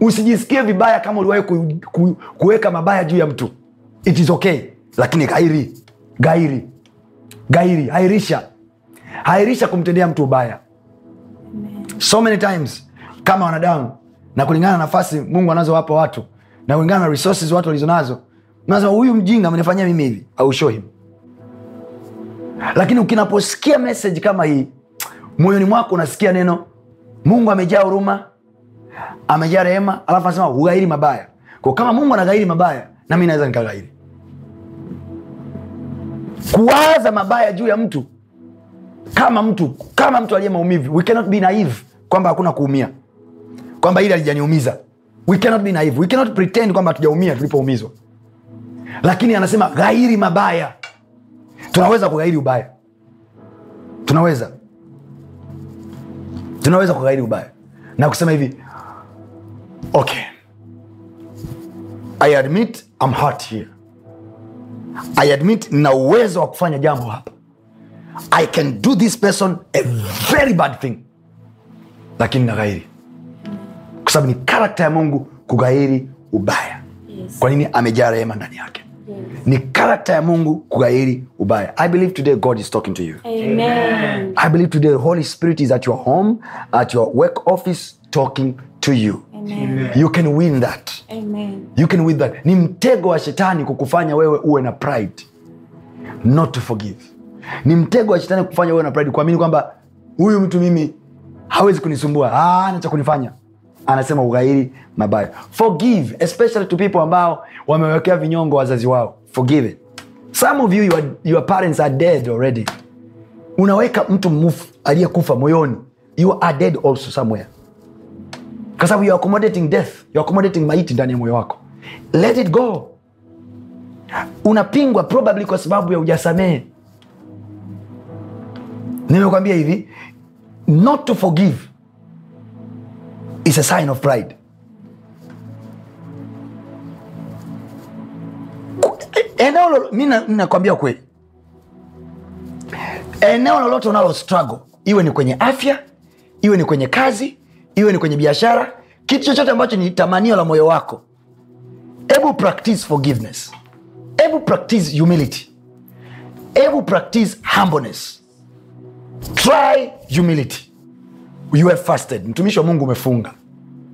usijisikie vibaya kama uliwahi ku, ku, kuweka mabaya juu ya mtu it is okay lakini gairi gairi gairi hairisha hairisha kumtendea mtu ubaya so many times kama wanadamu na kulingana na nafasi mungu anazowapa watu na kulingana na resources watu walizonazo nasema huyu mjinga amenifanyia mimi hivi au show him lakini ukinaposikia message kama hii moyoni mwako unasikia neno mungu amejaa huruma amejaa rehema alafu anasema ughairi mabaya kwa kama mungu anaghairi mabaya na mi naweza nikaghairi kuwaza mabaya juu ya mtu kama mtu kama mtu aliye maumivu we cannot be naive kwamba hakuna kuumia kwamba ili alijaniumiza we cannot be naive we cannot pretend kwamba hatujaumia tulipoumizwa lakini anasema ghairi mabaya tunaweza kughairi ubaya tunaweza tunaweza kughairi ubaya na kusema hivi okay i admit I'm hurt here i admit nina uwezo wa kufanya jambo hapa i can do this person a very bad thing lakini na ghairi kwa sababu ni karakta ya mungu kughairi ubaya yes. kwa nini amejaa rehema ndani yake yes. ni karakta ya mungu kughairi ubaya i believe today god is talking to you Amen. i believe today the holy spirit is at your home at your work office talking to you Amen. you can win that Amen. you can win that ni mtego wa shetani kukufanya wewe uwe na pride not to forgive ni mtego wa shetani kukufanya uwe na pride kuamini kwamba huyu mtu mimi hawezi kunisumbua ah, nacha kunifanya anasema ughairi mabaya forgive especially to people ambao wamewekea vinyongo wazazi wao forgive it. some of you your, your parents are dead already unaweka mtu mmufu aliyekufa moyoni you are dead also somewhere kwa sababu you are accommodating death you are accommodating maiti ndani ya moyo wako let it go unapingwa probably kwa sababu ya ujasamehe nimekwambia hivi not to forgive is a sign of pride. Eneo mi nakwambia kweli, eneo lolote unalo struggle, iwe ni kwenye afya, iwe ni kwenye kazi, iwe ni kwenye biashara, kitu chochote ambacho ni tamanio la moyo wako, hebu practice forgiveness, hebu practice humility, hebu practice humbleness, try humility you have fasted mtumishi wa mungu umefunga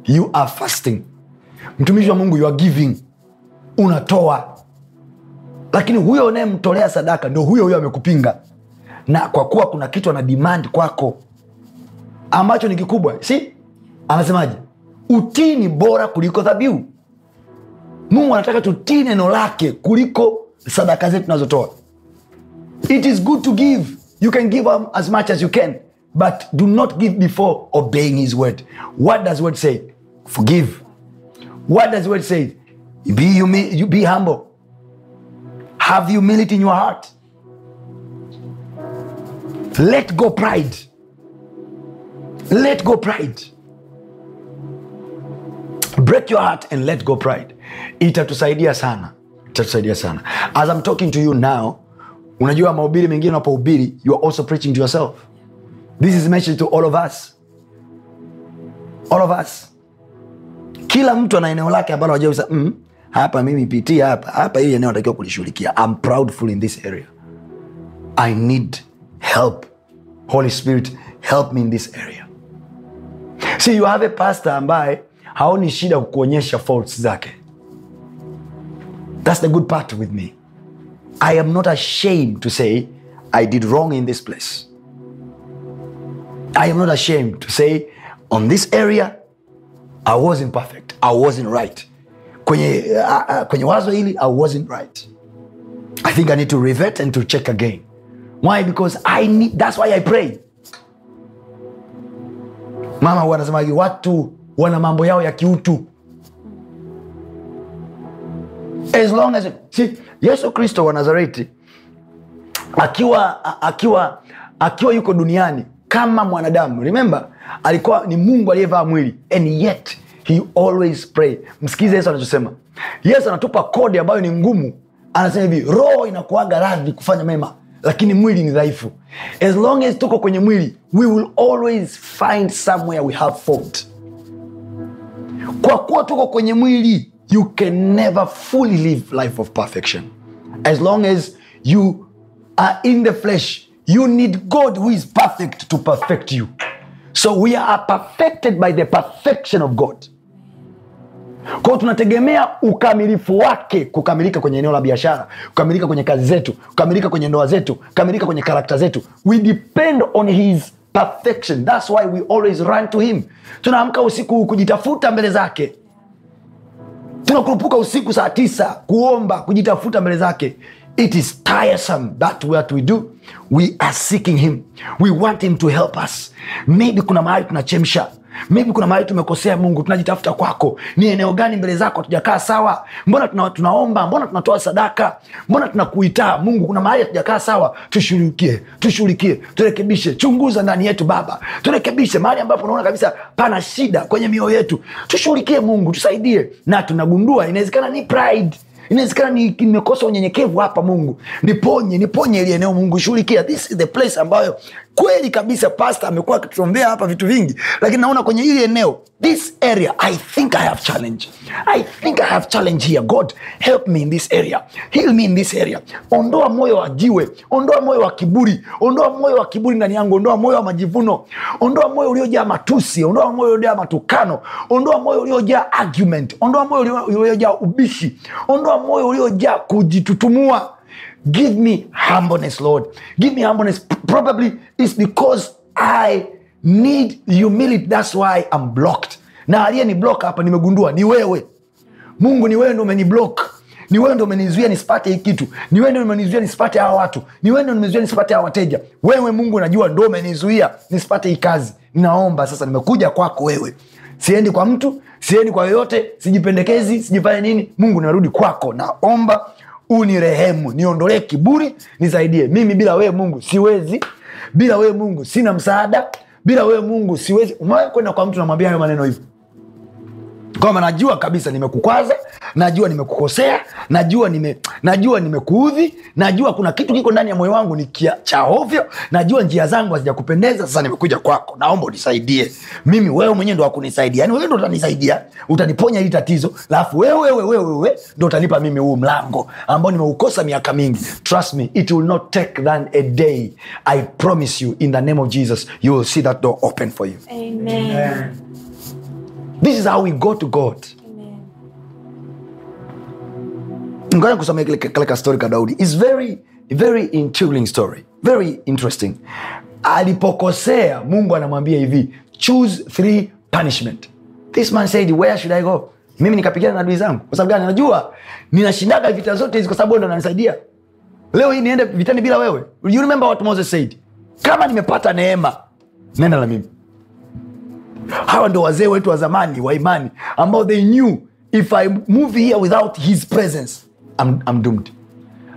you are fasting mtumishi wa mungu you are giving unatoa lakini huyo unayemtolea sadaka ndo huyo huyo amekupinga na kwa kuwa kuna kitu ana demand kwako ambacho ni kikubwa si anasemaje utii ni bora kuliko dhabihu mungu anataka tutii neno lake kuliko sadaka zetu tunazotoa it is good to give you can give as much as you can but do not give before obeying his word. What does word say? Forgive. What does word say? Be, humi- you be humble. Have humility in your heart. Let go pride. Let go pride. Break your heart and let go pride. Itatusaidia sana, itatusaidia sana. As I'm talking to you now, unajua maubiri mengine unapohubiri, you are also preaching to yourself This is message to all of us. All of us. Kila mtu ana eneo lake ambalo hajui mm, hapa mimi pitia hapa. Hapa hii eneo natakiwa kulishughulikia. I'm proudful in this area. I need help. Holy Spirit, help me in this area. See, you have a pastor ambaye haoni shida kukuonyesha faults zake. That's the good part with me. I am not ashamed to say I did wrong in this place. I am not ashamed to say on this area I wasn't perfect, I wasn't right. Kwenye, uh, uh, kwenye wazo hili I wasn't right. I think I need to revert and to check again. Why? Because I need, that's why I pray. Mama huwa watu wana mambo yao ya kiutu. As long as see, Yesu Kristo wa Nazareti akiwa akiwa akiwa yuko duniani kama mwanadamu remember alikuwa ni mungu aliyevaa mwili and yet he always pray msikilize yesu anachosema yesu anatupa kodi ambayo ni ngumu anasema hivi roho inakuaga radhi kufanya mema lakini mwili ni dhaifu as long as tuko kwenye mwili we will always find somewhere we have fault kwa kuwa tuko kwenye mwili you can never fully live life of perfection as long as you are in the flesh You need God who is perfect to perfect you. So we are perfected by the perfection of God. Kwa tunategemea ukamilifu wake kukamilika kwenye eneo la biashara, kukamilika kwenye kazi zetu, kukamilika kwenye ndoa zetu, kukamilika kwenye karakta zetu. We depend on his perfection. That's why we always run to him. Tunaamka usiku kujitafuta mbele zake tunakurupuka usiku saa tisa kuomba kujitafuta mbele zake It is tiresome that what we do. We are seeking him, we want him to help us. Maybe kuna mahali tunachemsha maybe kuna mahali tumekosea. Mungu, tunajitafuta kwako. Ni eneo gani mbele zako hatujakaa sawa? Mbona tuna, tunaomba? Mbona tunatoa sadaka? Mbona tunakuitaa? Mungu, kuna mahali hatujakaa sawa, tushughulikie, tushurikie turekebishe. Chunguza ndani yetu Baba, turekebishe mahali ambapo unaona kabisa pana shida kwenye mioyo yetu, tushughulikie Mungu, tusaidie. Na tunagundua inawezekana ni pride inawezekana nimekosa unyenyekevu hapa mungu niponye niponye ili eneo mungu shughulikia this is the place ambayo kweli kabisa pasta amekuwa akituombea hapa vitu vingi lakini naona kwenye hili eneo this area i think i have challenge i think i have challenge here god help me in this area heal me in this area ondoa moyo wa jiwe ondoa moyo wa kiburi ondoa moyo wa kiburi ndani yangu ondoa moyo wa majivuno ondoa moyo uliojaa matusi ondoa moyo uliojaa matukano ondoa moyo uliojaa argument ondoa moyo uliojaa ubishi ondoa moyo uliojaa kujitutumua Give me humbleness, Lord. Give me humbleness. Probably it's because I need humility. That's why I'm blocked. Na aliye ni block hapa nimegundua ni wewe. Mungu ni wewe ndo block ni wewe ndo umenizuia nisipate hii kitu ni wewe ndo umenizuia nisipate hawa watu ni wewe ndo umenizuia nisipate hawa wateja wewe mungu najua ndo umenizuia nisipate hii kazi ninaomba sasa nimekuja kwako wewe siendi kwa mtu siendi kwa yoyote sijipendekezi sijifanye nini mungu narudi kwako naomba unirehemu niondolee kiburi nisaidie mimi bila wewe mungu siwezi bila wewe mungu sina msaada bila wewe mungu siwezi umewahi kwenda kwa mtu namwambia hayo maneno hivo kwamba najua kabisa nimekukwaza najua nimekukosea najua nime, najua nimekuudhi najua kuna kitu kiko ndani ya moyo wangu ni cha ovyo najua njia zangu hazijakupendeza sasa nimekuja kwako naomba unisaidie mimi wewe mwenyewe ndo wakunisaidia yani wewe ndo utanisaidia utaniponya hili tatizo alafu wewe wewe wewe ndo utanipa mimi huu mlango ambao nimeukosa miaka mingi trust me it will not take than a day i promise you in the name of jesus you will see that door open for you Amen. Amen this is how we go to god ngoja kusomea kile ka story ka daudi is very very intriguing story very interesting alipokosea mungu anamwambia hivi choose three punishment this man said where should i go mimi nikapigana na adui zangu kwa sababu gani najua ninashindaga vita zote hizi kwa sababu ndo ananisaidia leo hii niende vitani bila wewe you remember what moses said kama nimepata neema nenda na mimi hawa ndo wazee wetu wa zamani wa imani ambao they knew if i move here without his presence I'm, I'm doomed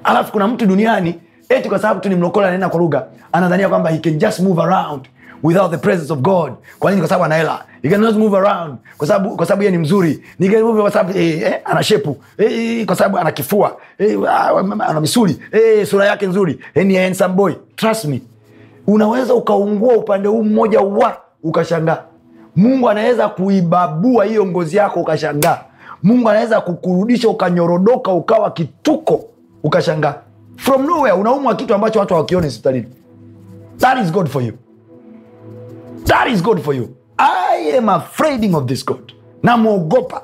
alafu kuna mtu duniani eti kwa sababu tu ni mlokola anaenda kwa lugha anadhania kwamba he can just move around without the presence of god kwa nini kwa sababu anahela he cannot move around kwa sababu kwa sababu yeye ni mzuri ni can move kwa sababu eh, eh, ana shepu eh, eh, eh kwa sababu ana kifua eh, ah, ana misuli eh, eh, sura yake nzuri eh, ni handsome boy trust me unaweza ukaungua upande huu mmoja wa ukashangaa mungu anaweza kuibabua hiyo ngozi yako ukashangaa mungu anaweza kukurudisha ukanyorodoka ukawa kituko ukashangaa from nowhere unaumwa kitu ambacho watu hawakioni hospitalini that is god for you that is god for you i am afraiding of this god namwogopa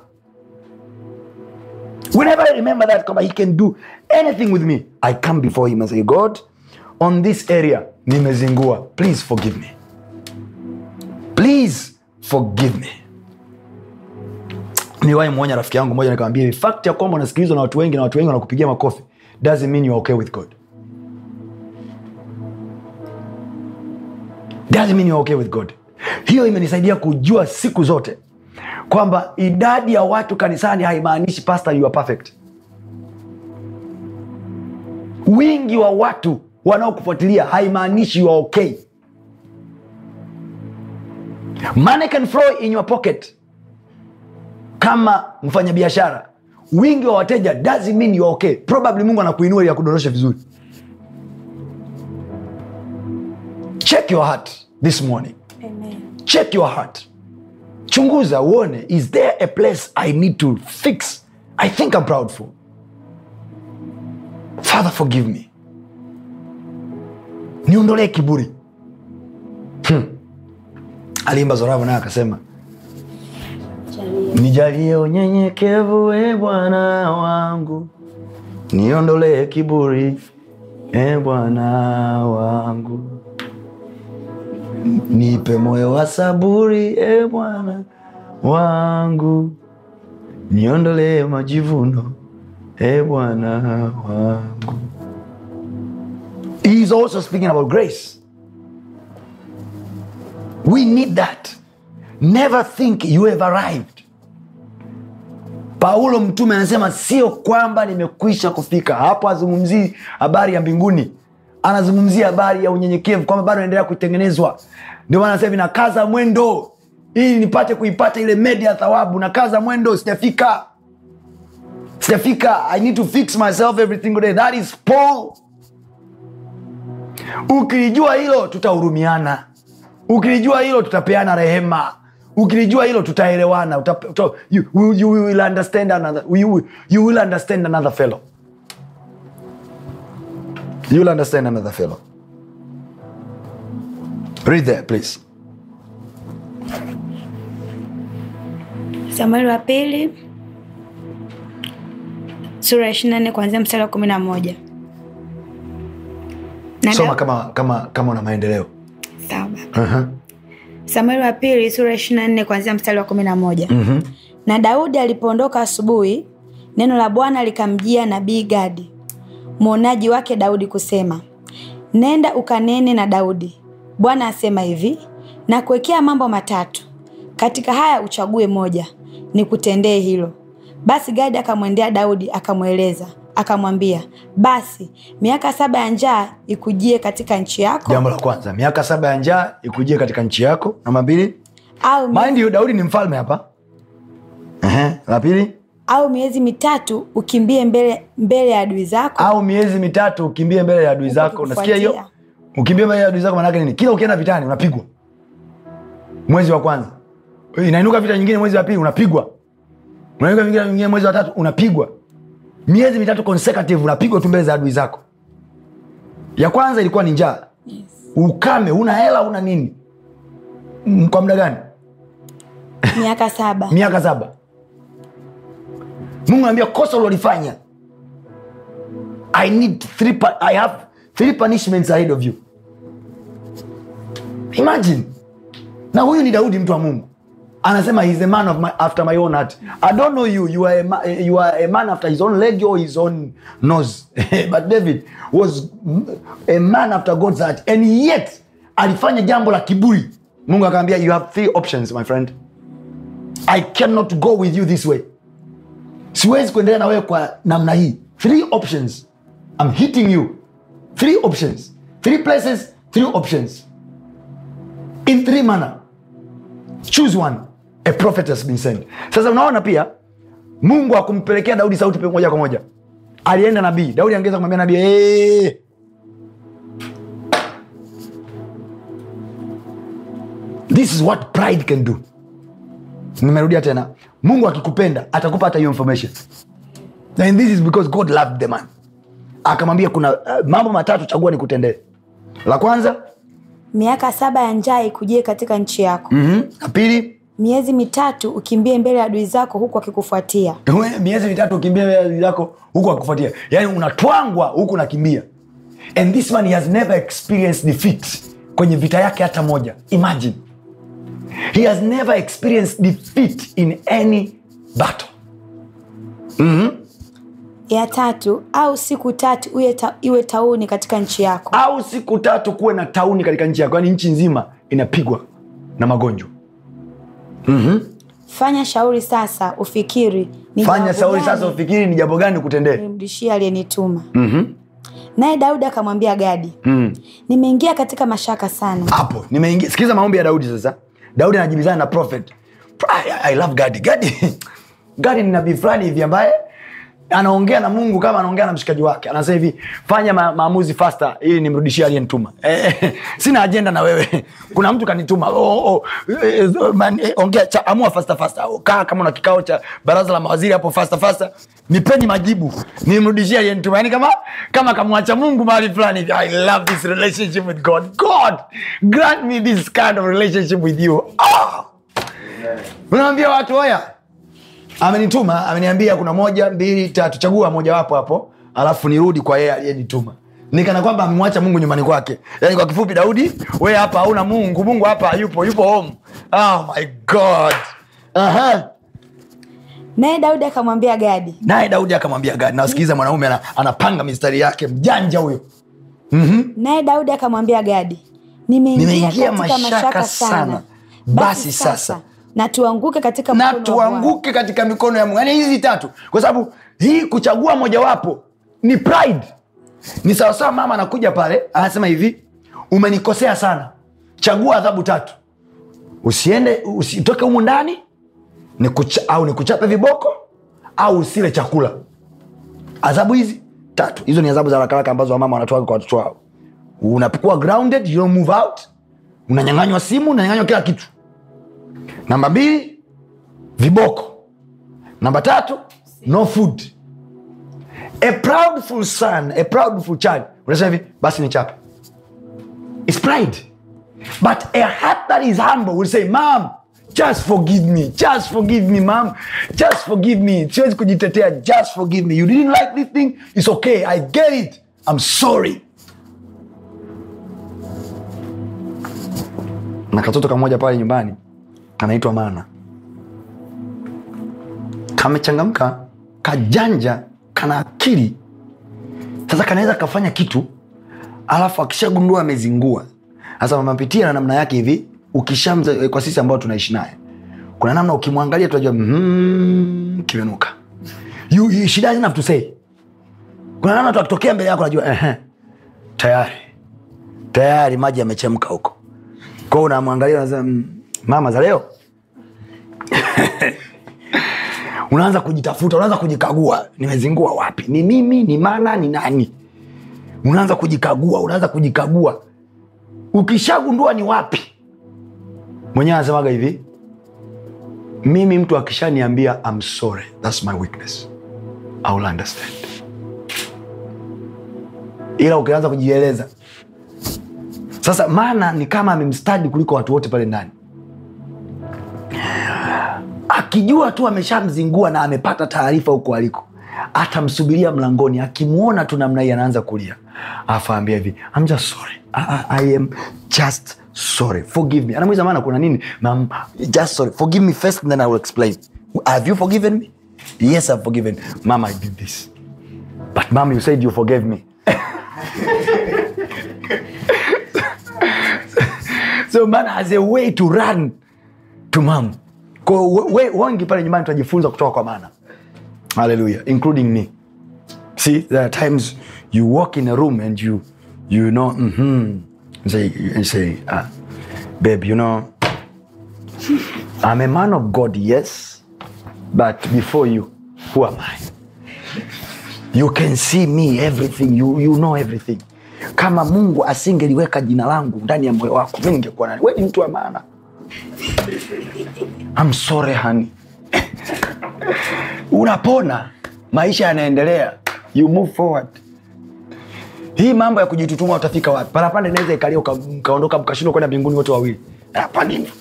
whenever i remember that kwamba he can do anything with me i come before him and say god on this area nimezingua please forgive me please forgive me niliwahi mwonya rafiki yangu moja nikamwambia hivi fact ya kwamba unasikilizwa na watu wengi na watu wengi wanakupigia makofi doesn't mean you are okay with god doesn't mean you are okay with god hiyo imenisaidia kujua siku zote kwamba idadi ya watu kanisani haimaanishi pastor you are perfect wingi wa watu wanaokufuatilia haimaanishi you are okay money can flow in your pocket kama mfanyabiashara wingi wa wateja doesn't mean you are okay probably mungu anakuinua ili akudoroshe vizuri check your heart this morning Amen. check your heart chunguza uone is there a place i need to fix i think i'm proud for father forgive me niondolee kiburi hmm aliimba Zorabo naye akasema nijalie unyenyekevu, e Bwana wangu, niondolee kiburi, e Bwana wangu, nipe moyo wa saburi, e Bwana wangu, niondolee majivuno, e Bwana wangu. He is also speaking about grace. We need that. Never think you have arrived. Paulo mtume anasema sio kwamba nimekwisha kufika. Hapo azungumzii habari ya mbinguni, anazungumzia habari ya unyenyekevu, kwamba bado naendelea kutengenezwa. Ndio maana anasema nakaza mwendo ili nipate kuipata ile medi ya thawabu. Nakaza mwendo, sijafika, sijafika. I need to fix myself every single day. That is Paul. Ukilijua hilo, tutahurumiana ukilijua hilo tutapeana rehema ukilijua hilo tutaelewana samueli wa pili sura ya ishiri na nne kuanzia mstari wa kumi na moja soma kama kama kama una maendeleo sawa baba. uh -huh. Samueli wa pili sura ishirini na nne kuanzia mstari wa kumi na moja. mm -hmm. Na Daudi alipoondoka asubuhi, neno la Bwana likamjia nabii Gadi mwonaji wake Daudi kusema, nenda ukanene na Daudi, Bwana asema hivi, na kuwekea mambo matatu, katika haya uchague moja, nikutendee hilo. Basi Gadi akamwendea Daudi akamweleza akamwambia basi miaka saba ya njaa ikujie katika nchi yako jambo la kwanza miaka saba ya njaa ikujie katika nchi yako namba mbili au mind you daudi ni mfalme hapa la pili au miezi mitatu ukimbie mbele, mbele ya adui zako au miezi mitatu ukimbie mbele ya adui zako unasikia hiyo ukimbie mbele ya adui zako maanake nini kila ukienda vitani unapigwa mwezi wa kwanza inainuka vita nyingine mwezi wa pili unapigwa unainuka vita nyingine mwezi wa tatu unapigwa miezi mitatu consecutive unapigwa tu mbele za adui zako ya kwanza ilikuwa ni njaa yes. ukame una hela una nini mm, kwa muda gani [LAUGHS] miaka saba miaka saba mungu anaambia kosa ulolifanya i need three, i have three punishments ahead of you imagine na huyu ni daudi mtu wa mungu anasema he's a man of my, after my own heart i don't know you you are a, you are a man after his own leg or his own nose [LAUGHS] but david was a man after god's heart and yet alifanya jambo la kiburi mungu akaambia you have three options my friend i cannot go with you this way siwezi kuendelea na wewe kwa namna hii three options i'm hitting you three options three places three options in three manner choose one a prophet has been sent sasa unaona pia mungu akumpelekea daudi sauti pe moja kwa moja alienda nabii daudi angeweza kumwambia nabii hey! Ee. this is what pride can do nimerudia tena mungu akikupenda atakupa hata hiyo information and this is because god loved the man akamwambia kuna uh, mambo matatu chagua ni kutendee la kwanza miaka saba ya njaa ikujie katika nchi yako mm-hmm. la pili miezi mitatu ukimbie mbele ya adui zako huku akikufuatia miezi mitatu ukimbie mbele ya adui zako huku akikufuatia yaani unatwangwa huku nakimbia. and this man he has never experienced defeat kwenye vita yake hata moja imagine he has never experienced defeat in any battle mm-hmm ya tatu au siku tatu uye ta, iwe tauni katika nchi yako au siku tatu kuwe na tauni katika nchi yako yaani nchi nzima inapigwa na magonjwa mm-hmm. fanya shauri sasa ufikiri ni fanya shauri sasa ufikiri ni jambo gani kutendea nimrudishie aliyenituma mm-hmm. naye daudi akamwambia gadi mm. nimeingia katika mashaka sana hapo nimeingia sikiliza maombi ya daudi sasa daudi anajibizana na prophet i love gadi gadi [LAUGHS] gadi ni nabii fulani hivi ambaye anaongea na mungu kama anaongea na mshikaji wake anasema hivi fanya ma- maamuzi fasta ili nimrudishie aliyenituma e, eh, eh, eh. sina ajenda na wewe [LAUGHS] kuna mtu kanituma oh, oh, e, man, e, ongea cha, amua fasta oh, kaa kama na kikao cha baraza la mawaziri hapo fastafasta nipeni majibu nimrudishie aliyenituma yani kama kama kamwacha mungu mahali fulani i love this relationship with god god grant me this kind of relationship with you Oh! Ah! unaambia watu haya amenituma ameniambia kuna moja mbili tatu chagua moja wapo hapo alafu nirudi kwa yeye aliyenituma nikana kwamba amemwacha mungu nyumbani kwake yani kwa kifupi daudi we hapa hauna mungu mungu hapa yupo yupo home oh my god Aha. naye daudi akamwambia gadi naye daudi akamwambia gadi nasikiliza mwanaume anapanga mistari yake mjanja huyo mm-hmm. naye daudi akamwambia gadi nimeingia, nimeingia mashaka, mashaka sana, sana. Basi, basi sasa, sasa na tuanguke katika na tuanguke katika mikono ya mungu yaani hizi tatu kwa sababu hii kuchagua mojawapo ni pride ni sawasawa mama anakuja pale anasema hivi umenikosea sana chagua adhabu tatu usiende usitoke humu ndani ni kucha, au ni kuchape viboko au usile chakula adhabu hizi tatu hizo ni adhabu za haraka haraka ambazo wamama wanatoa kwa watoto wao unapokuwa grounded you don't move out unanyanganywa simu unanyanganywa kila kitu namba mbili viboko namba tatu no food a proudful son a proudful child unasema hivi basi ni chapa, is pride but a heart that is humble will say mam just forgive me just forgive me mam just forgive me siwezi kujitetea just forgive me you didn't like this thing it's okay i get it i'm sorry na katoto kamoja pale nyumbani anaitwa mana kamechangamka kajanja kana akili sasa kanaweza kafanya kitu alafu akishagundua amezingua sasa mamapitia na namna yake hivi ukishamza eh, kwa sisi ambao tunaishi naye kuna namna ukimwangalia tunajua mm, kimenuka shida have to kuna namna tu akitokea mbele yako najua eh, tayari tayari maji yamechemka huko kwao unamwangalia unasema mm, mama za leo [LAUGHS] unaanza kujitafuta unaanza kujikagua nimezingua wapi ni mimi ni mana ni nani unaanza kujikagua unaanza kujikagua ukishagundua ni wapi mwenyewe anasemaga hivi mimi mtu akishaniambia I'm sorry, that's my weakness. I understand. Ila ukianza kujieleza sasa, maana ni kama amemstadi kuliko watu wote pale ndani akijua tu ameshamzingua na amepata taarifa huko aliko atamsubiria mlangoni akimwona tu namna hii anaanza kulia afaambia hivi I'm just sorry. I, I, I am just sorry forgive me anamwiza maana kuna nini Mam, just sorry forgive me first then I will explain have you forgiven me yes I've forgiven mama I did this but mama you said you forgave me [LAUGHS] so man has a way to run to mama kwao we, wengi pale nyumbani tunajifunza kutoka kwa mana haleluya including me see there are times you walk in a room and you you know mm-hmm, say, say ah, babe you know i'm a man of god yes but before you who am i you can see me everything you, you know everything kama mungu asingeliweka jina langu ndani ya moyo wako mi ningekuwa nani we ni mtu wa maana I'm sorry honey. Unapona, maisha yanaendelea, you move forward. Hii mambo ya kujitutuma utafika wapi? Parapanda inaweza ikalia ukaondoka mkashindwa kwenda mbinguni wote wawili. Hapa nini?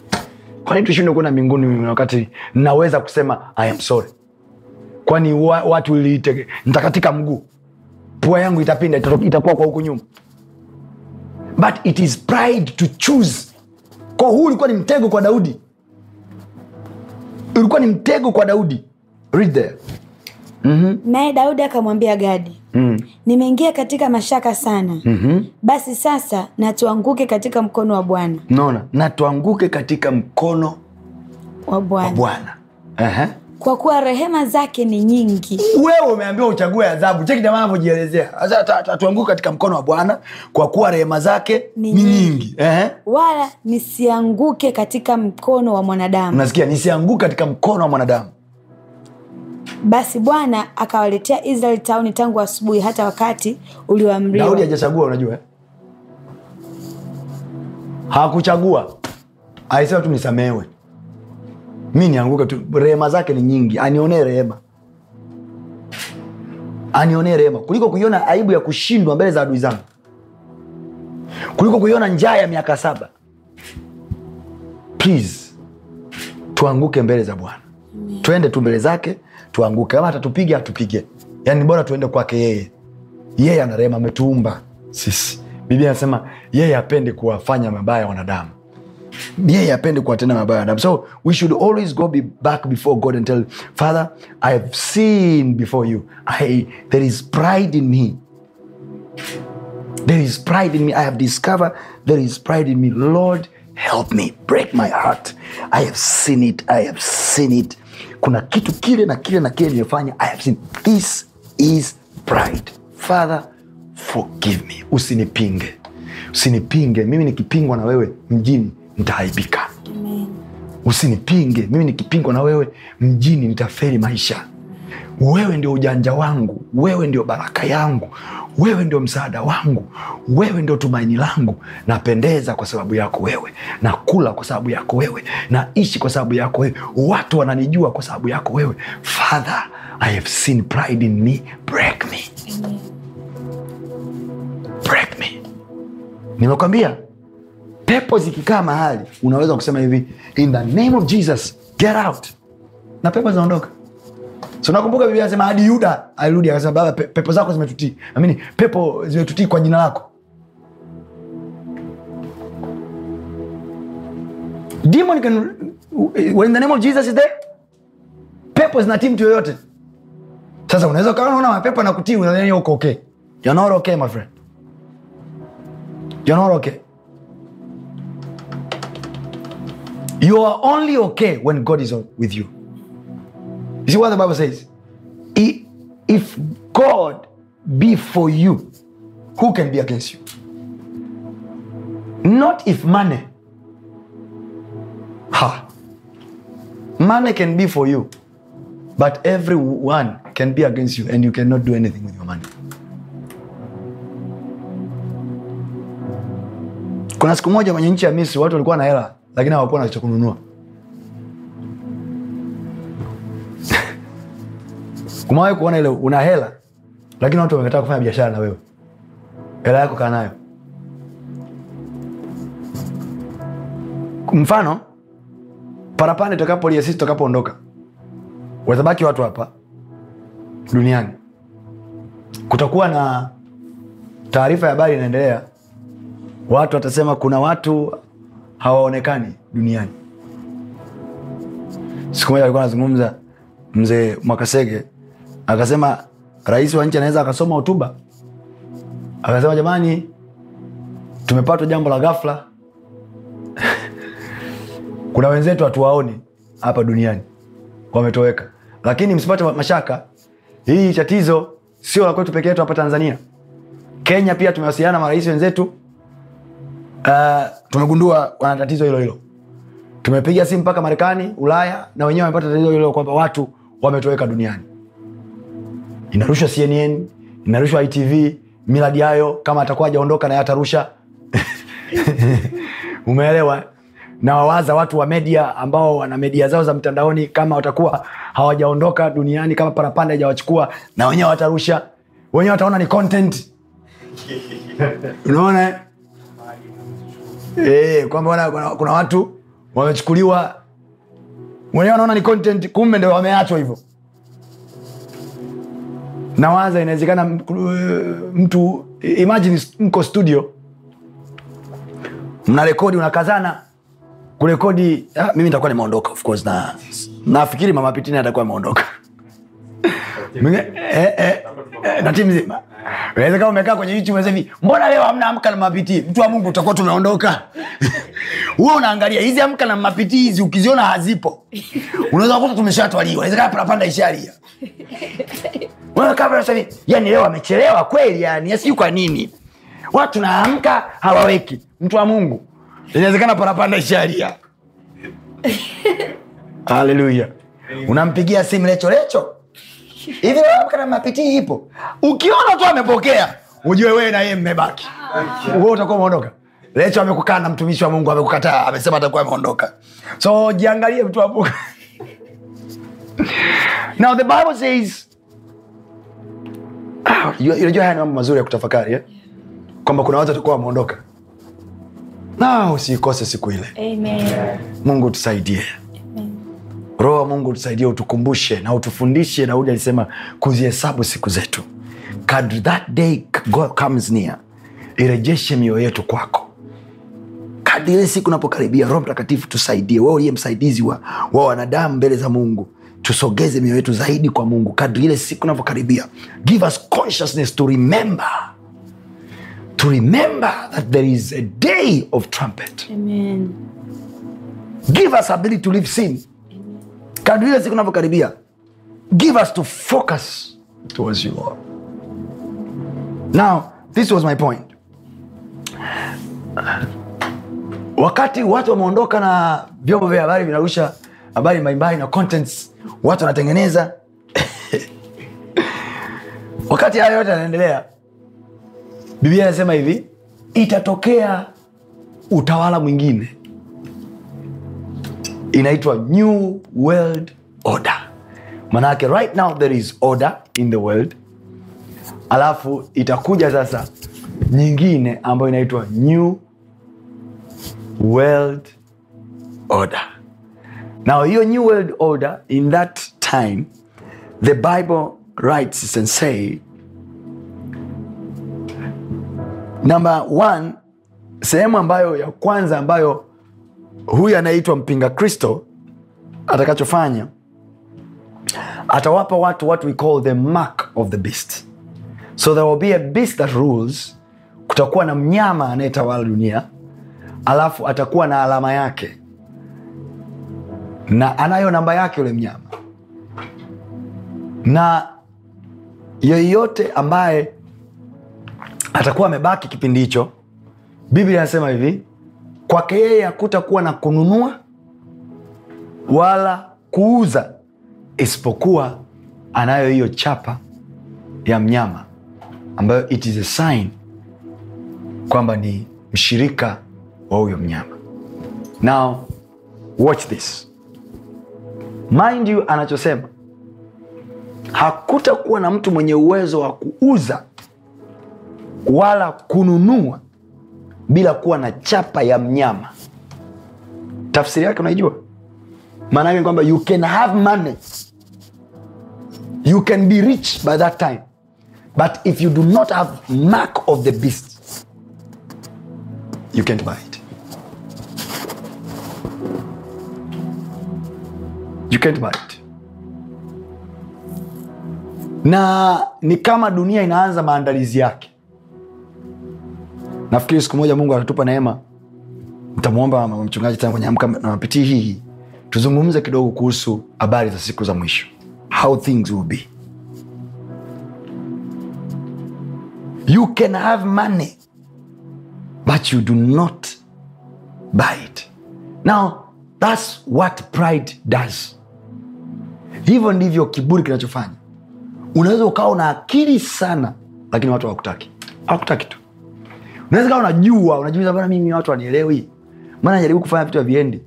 Kwa nini tushindwe kwenda mbinguni mimi wakati naweza kusema I am sorry? Kwani watu ilitege, nitakatika mguu, pua yangu itapinda, itakuwa kwa huko nyuma, but it is pride to choose. Kwa huu ulikuwa ni mtego kwa Daudi ulikuwa ni mtego kwa daudi read there mm-hmm. naye daudi akamwambia gadi mm. nimeingia katika mashaka sana mm-hmm. basi sasa natuanguke katika mkono wa bwana naona natuanguke katika mkono wa bwana uh-huh kwa kuwa rehema zake ni nyingi. Wewe umeambiwa uchague adhabu. Cheki jamaa anavyojielezea, hatuanguki katika mkono wa Bwana kwa kuwa rehema zake ni nyingi eh? wala nisianguke katika mkono wa mwanadamu. Unasikia, nisianguke katika mkono wa mwanadamu. Basi Bwana akawaletea Israeli tauni tangu asubuhi hata wakati ulioamriwa. Daudi hajachagua, unajua hakuchagua, alisema tu nisamewe mi nianguke tu rehema zake ni nyingi anionee rehema anionee rehema kuliko kuiona aibu ya kushindwa mbele za adui zangu kuliko kuiona njaa ya miaka saba please tuanguke mbele za bwana twende tu mbele zake tuanguke ama atatupige atupige yani bora tuende kwake yeye yeye ana rehema ametuumba sisi biblia anasema yeye apendi kuwafanya mabaya wanadamu yeye apende kuwatenda mabaya wanadamu so we should always go be back before god and tell father i have seen before you I, there is pride in me there is pride in me i have discovered there is pride in me lord help me break my heart i have seen it i have seen it kuna kitu kile na kile na kile nimefanya i have seen this is pride father forgive me usinipinge usinipinge mimi nikipingwa na wewe mjini nitaaibika. Usinipinge mimi, nikipingwa na wewe mjini nitaferi maisha. Wewe ndio ujanja wangu, wewe ndio baraka yangu, wewe ndio msaada wangu, wewe ndio tumaini langu. Napendeza kwa sababu yako wewe, nakula kwa sababu yako wewe, naishi kwa sababu yako wewe, watu wananijua kwa sababu yako wewe. Father, I have seen pride in me, break me, break me. Nimekwambia pepo zikikaa mahali unaweza kusema hivi in the name of jesus get out na pepo zinaondoka so nakumbuka biblia anasema hadi yuda alirudi akasema baba pe, pepo zako zimetutii amini pepo zimetutii kwa jina lako demon can when the name of jesus is there pepo zinatii mtu yoyote sasa unaweza ukawa ukaona mapepo nakutii uko okay you're not okay my friend you're not okay You are only okay when God is with you. You see what the Bible says? If God be for you, who can be against you? Not if money. Ha. Money can be for you, but everyone can be against you, and you cannot do anything with your money. Kuna siku moja kwenye nchi ya Misri watu walikuwa na hela lakini hawakuwa na cha kununua. Kumawahi kuona ile una hela lakini watu wamekataa kufanya biashara na wewe, hela yako kaa nayo. Mfano parapande itakapolia, sisi tokapoondoka, watabaki watu hapa duniani, kutakuwa na taarifa ya habari inaendelea, watu watasema kuna watu hawaonekani duniani. Siku moja alikuwa anazungumza mzee Mwakasege akasema rais wa nchi anaweza akasoma hotuba akasema, jamani, tumepatwa jambo la ghafla [LAUGHS] kuna wenzetu hatuwaoni hapa duniani wametoweka, lakini msipate mashaka, hii tatizo sio la kwetu peke yetu hapa Tanzania. Kenya pia tumewasiliana marais wenzetu Uh, tumegundua wana tatizo hilo hilo tumepiga simu mpaka marekani ulaya na wenyewe wamepata tatizo hilo kwamba watu wametoweka duniani inarushwa cnn inarushwa itv miradi yayo kama atakuwa ajaondoka naye atarusha [LAUGHS] umeelewa nawawaza watu wa media ambao wana media zao za mtandaoni kama watakuwa hawajaondoka duniani kama parapanda ijawachukua na wenyewe watarusha wenyewe wataona ni [LAUGHS] unaona eh, kwamba kuna, kuna watu wamechukuliwa mwenyewe wanaona ni content, kumbe ndio wameachwa hivyo. Nawaza inawezekana mtu, eh, imagine mko studio rekodi unakazana kurekodi. Ah, mimi nitakuwa nimeondoka of course, na nafikiri mama Pitini atakuwa ameondoka eh, eh. Eh, na timu nzima unaweza kama umekaa kwenye youtube hivi mbona leo hamna amka na mapitii mtu wa mungu utakuwa [LAUGHS] unaangalia hizi amka na mapitii hizi ukiziona hazipo unaweza tumeshatwaliwa parapanda yani leo amechelewa kweli yani kwa nini watu naamka hawaweki mtu wa mungu inawezekana parapanda haleluya [LAUGHS] unampigia simu lecho lecho hivi na mapitii ipo ukiona tu amepokea ujue wewe na yeye mmebaki ah. wewe utakuwa umeondoka lecho amekukaa na mtumishi wa mungu amekukataa amesema atakuwa ameondoka so jiangalie mtu hapo [LAUGHS] now the bible says [SIGHS] unajua haya ni mambo mazuri ya kutafakari eh? kwamba kuna watu watakuwa wameondoka na usiikose siku ile Amen. mungu tusaidie roho wa mungu tusaidie utukumbushe na utufundishe daudi alisema kuzihesabu siku zetu kadri that day God comes near irejeshe mioyo yetu kwako kadri ile siku unapokaribia roho mtakatifu tusaidie wewe uliye msaidizi wa, wa wanadamu mbele za mungu tusogeze mioyo yetu zaidi kwa mungu kadri ile siku unavyokaribia give us consciousness to remember to remember that there is a day of trumpet Amen. give us ability to live sin kadria siku navyokaribia give us to focus towards you lord now this was my point wakati watu wameondoka na vyombo vya habari vinarusha habari mbalimbali na contents watu wanatengeneza [LAUGHS] wakati hayo yote yanaendelea biblia anasema hivi itatokea utawala mwingine inaitwa new world order manake right now there is order in the world alafu itakuja sasa nyingine ambayo inaitwa new world order now hiyo new world order in that time the bible writes and say number one sehemu ambayo ya kwanza ambayo huyu anayeitwa mpinga kristo atakachofanya atawapa watu what we call the mark of the beast so there will be a beast that rules kutakuwa na mnyama anayetawala dunia alafu atakuwa na alama yake na anayo namba yake yule mnyama na yeyote ambaye atakuwa amebaki kipindi hicho biblia anasema hivi kwake yeye hakutakuwa na kununua wala kuuza isipokuwa anayo hiyo chapa ya mnyama ambayo it is a sign kwamba ni mshirika wa huyo mnyama now watch this mind you anachosema hakutakuwa na mtu mwenye uwezo wa kuuza wala kununua bila kuwa na chapa ya mnyama tafsiri yake unaijua maana yake kwamba you can have money you can be rich by that time but if you do not have mark of the beast you can't buy it you can't buy it na ni kama dunia inaanza maandalizi yake nafikiri siku moja mungu atatupa neema mtamwomba mchungaji tena kwenye amka na mapitii hii tuzungumze kidogo kuhusu habari za siku za mwisho how things will be you can have money but you do not buy it now thats what pride does hivyo ndivyo kiburi kinachofanya unaweza ukawa una akili sana lakini watu hawakutaki hawakutaki tu unaweza unajua unajiuliza bana mimi watu wanielewi maana najaribu kufanya vitu haviendi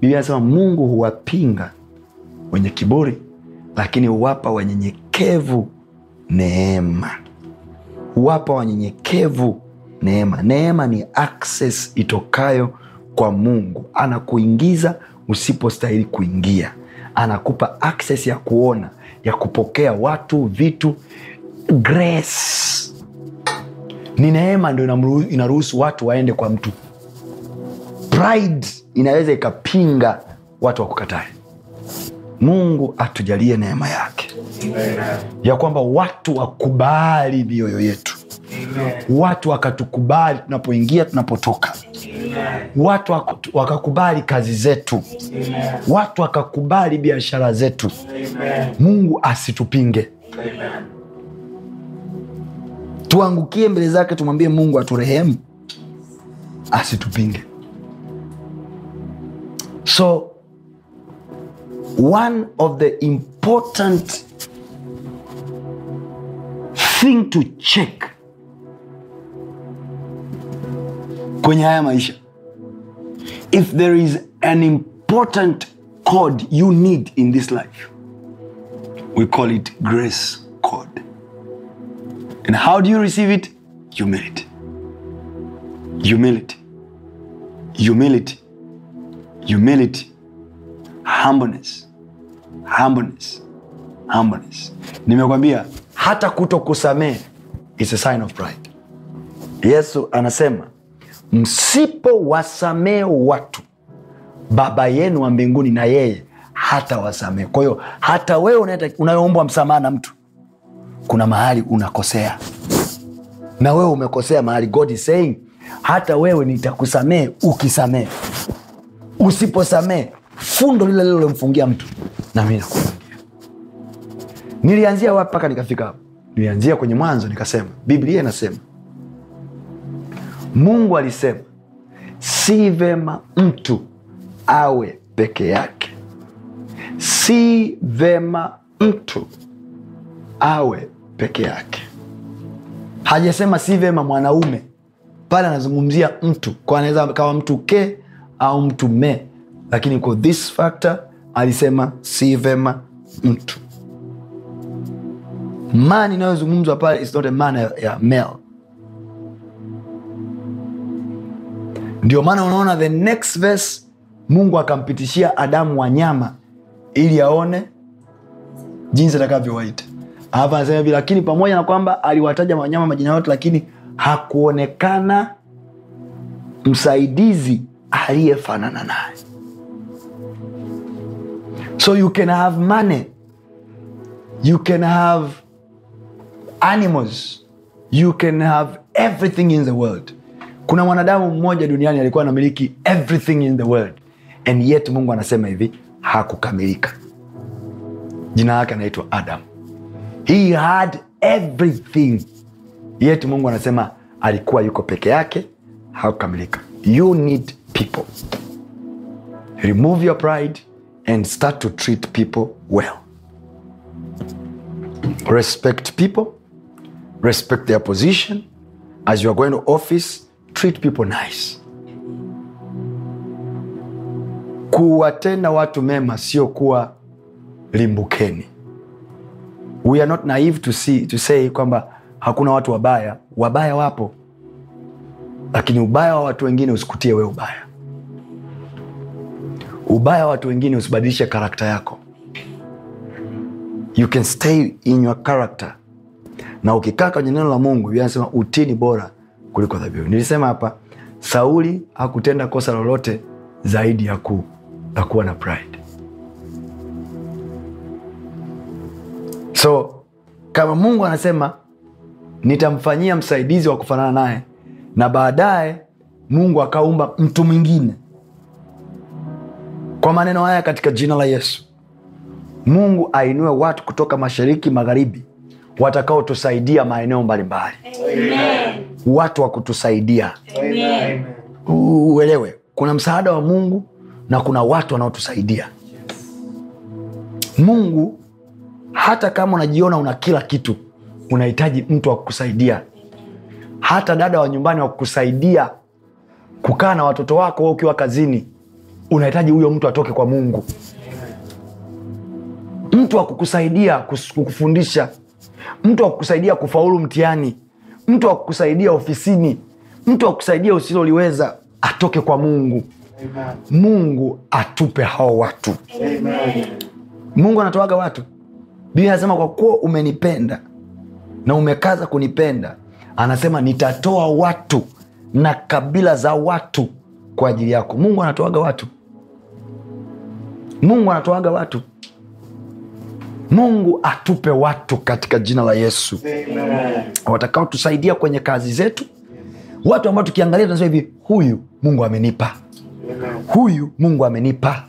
biblia anasema mungu huwapinga wenye kiburi lakini huwapa wanyenyekevu neema huwapa wanyenyekevu neema neema ni access itokayo kwa mungu anakuingiza usipostahili kuingia anakupa access ya kuona ya kupokea watu vitu grace ni neema ndo inaruhusu watu waende kwa mtu pride inaweza ikapinga watu wakukatae mungu atujalie neema yake Amen. ya kwamba watu wakubali mioyo yetu Amen. watu wakatukubali tunapoingia tunapotoka Amen. watu wakakubali kazi zetu Amen. watu wakakubali biashara zetu Amen. mungu asitupinge Amen tuangukie mbele zake tumwambie mungu aturehemu asitupinge so one of the important thing to check kwenye haya maisha if there is an important code you need in this life we call it grace And how do you receive it? Humility. Humility. Humility. Humility. Humbleness. Humbleness. Humbleness. Nimekwambia hata kuto kusamehe is a sign of pride. Yesu anasema msipo msipowasamehe watu, Baba yenu wa mbinguni na yeye hata wasamehe. Kwa hiyo hata wewe unayoombwa msamaha na mtu kuna mahali unakosea na wewe umekosea mahali. God is saying hata wewe nitakusamehe ukisamehe. Usiposamehe, fundo lile ulimfungia mtu na mi nakufungia. Nilianzia wapi mpaka nikafika hapo? Nilianzia kwenye Mwanzo nikasema Biblia inasema Mungu alisema si vema mtu awe peke yake, si vema mtu awe peke yake hajasema si vema mwanaume pale anazungumzia mtu kwa anaweza kawa mtu ke au mtu me lakini kwa this factor alisema si vema mtu man inayozungumzwa pale is not a man ya male ndio maana unaona the next verse mungu akampitishia adamu wanyama ili aone jinsi atakavyowaita hapa anasema hivi, lakini pamoja na kwamba aliwataja wanyama majina yote, lakini hakuonekana msaidizi aliyefanana naye. So you can have money, you can have animals, you can have everything in the world. Kuna mwanadamu mmoja duniani alikuwa anamiliki everything in the world, and yet Mungu anasema hivi, hakukamilika. Jina lake anaitwa Adamu he had everything yet mungu anasema alikuwa yuko peke yake hakukamilika you need people remove your pride and start to treat people well respect people respect their position as you are going to office treat people nice kuwatenda watu mema sio kuwa limbukeni we are not naive to, see, to say kwamba hakuna watu wabaya wabaya wapo lakini ubaya wa watu wengine usikutie wewe ubaya ubaya wa watu wengine usibadilishe karakta yako you can stay in your character na ukikaa kwenye neno la mungu anasema utii ni bora kuliko dhabihu nilisema hapa sauli hakutenda kosa lolote zaidi ya ku, ya kuwa na pride So kama Mungu anasema nitamfanyia msaidizi wa kufanana naye, na baadaye Mungu akaumba mtu mwingine kwa maneno haya, katika jina la Yesu, Mungu ainue watu kutoka mashariki, magharibi, watakaotusaidia maeneo mbalimbali, watu wa kutusaidia. Uelewe kuna msaada wa Mungu na kuna watu wanaotusaidia. Mungu hata kama unajiona una kila kitu unahitaji mtu wa kukusaidia hata dada wa nyumbani wa kukusaidia kukaa na watoto wako ukiwa kazini unahitaji huyo mtu atoke kwa mungu mtu wa kukusaidia kukufundisha mtu wa kukusaidia kufaulu mtihani mtu wa kukusaidia ofisini mtu wa kukusaidia usiloliweza atoke kwa mungu Amen. mungu atupe hao watu Amen. mungu anatoaga watu biblia anasema kwa kuwa umenipenda na umekaza kunipenda anasema nitatoa watu na kabila za watu kwa ajili yako mungu anatoaga watu mungu anatoaga watu mungu atupe watu katika jina la yesu watakaotusaidia kwenye kazi zetu watu ambao tukiangalia tunasema hivi huyu mungu amenipa huyu mungu amenipa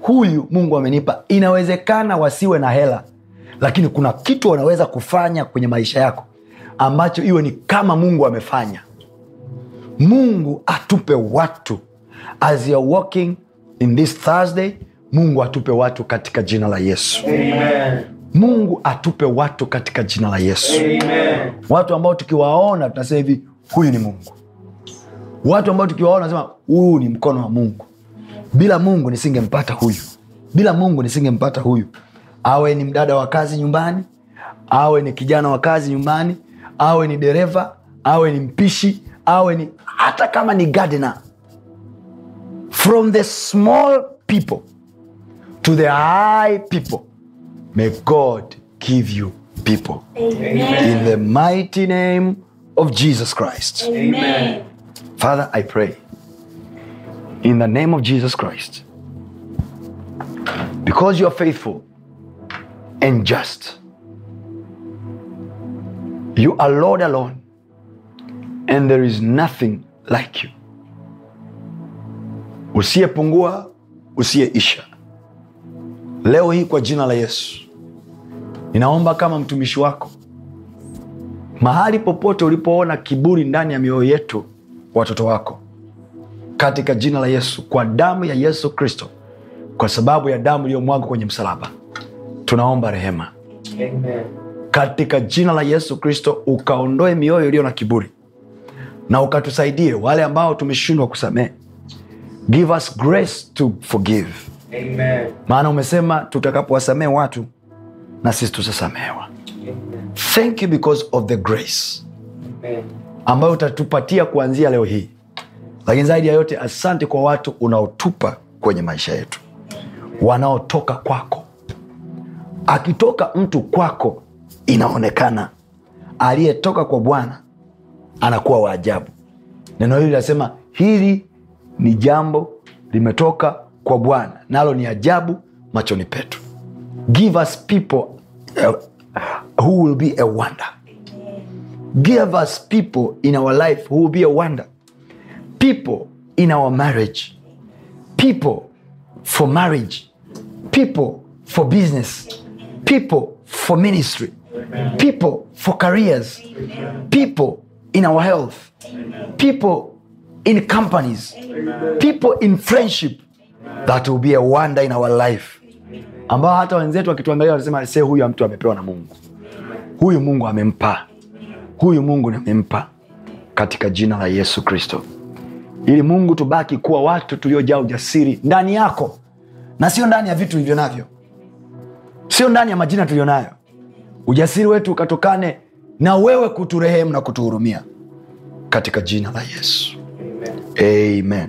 huyu mungu amenipa inawezekana wasiwe na hela lakini kuna kitu wanaweza kufanya kwenye maisha yako ambacho iwe ni kama mungu amefanya mungu atupe watu as you're walking in this thursday mungu atupe watu katika jina la yesu Amen. mungu atupe watu katika jina la yesu Amen. watu ambao tukiwaona tunasema hivi huyu ni mungu watu ambao tukiwaona nasema huu ni mkono wa mungu bila mungu nisingempata huyu bila mungu nisingempata huyu awe ni mdada wa kazi nyumbani awe ni kijana wa kazi nyumbani awe ni dereva awe ni mpishi awe ni hata kama ni gardener from the small people to the high people may god give you people Amen. in the mighty name of jesus christ Amen. father i pray in the name of jesus christ because you are faithful and just. You are Lord alone, and there is nothing like you, usiyepungua, usiyeisha. Leo hii kwa jina la Yesu ninaomba kama mtumishi wako, mahali popote ulipoona kiburi ndani ya mioyo yetu, watoto wako, katika jina la Yesu, kwa damu ya Yesu Kristo, kwa sababu ya damu iliyomwagwa kwenye msalaba tunaomba rehema Amen. katika jina la yesu kristo ukaondoe mioyo iliyo na kiburi na ukatusaidie wale ambao tumeshindwa kusamehe give us grace to forgive Amen. maana umesema tutakapowasamehe watu na sisi tutasamehewa thank you because of the grace Amen. ambayo utatupatia kuanzia leo hii lakini zaidi ya yote asante kwa watu unaotupa kwenye maisha yetu wanaotoka kwako akitoka mtu kwako inaonekana aliyetoka kwa bwana anakuwa wa ajabu neno hili linasema hili ni jambo limetoka kwa bwana nalo ni ajabu machoni petu give us people who will be a wonder give us people in our life who will be a wonder people in our marriage people for marriage people for business people for ministry, Amen. people for careers, Amen. people in our health, Amen. people in companies, people in friendship. That will be a wonder in our life, ambao hata wenzetu wakituangalia wanasema se, huyu mtu amepewa na Mungu, huyu Mungu amempa, huyu Mungu amempa, katika jina la Yesu Kristo, ili Mungu tubaki kuwa watu tuliojaa ujasiri ndani yako na sio ndani ya vitu hivyo navyo sio ndani ya majina tuliyonayo ujasiri wetu ukatokane na wewe kuturehemu na kutuhurumia katika jina la yesu amen, amen.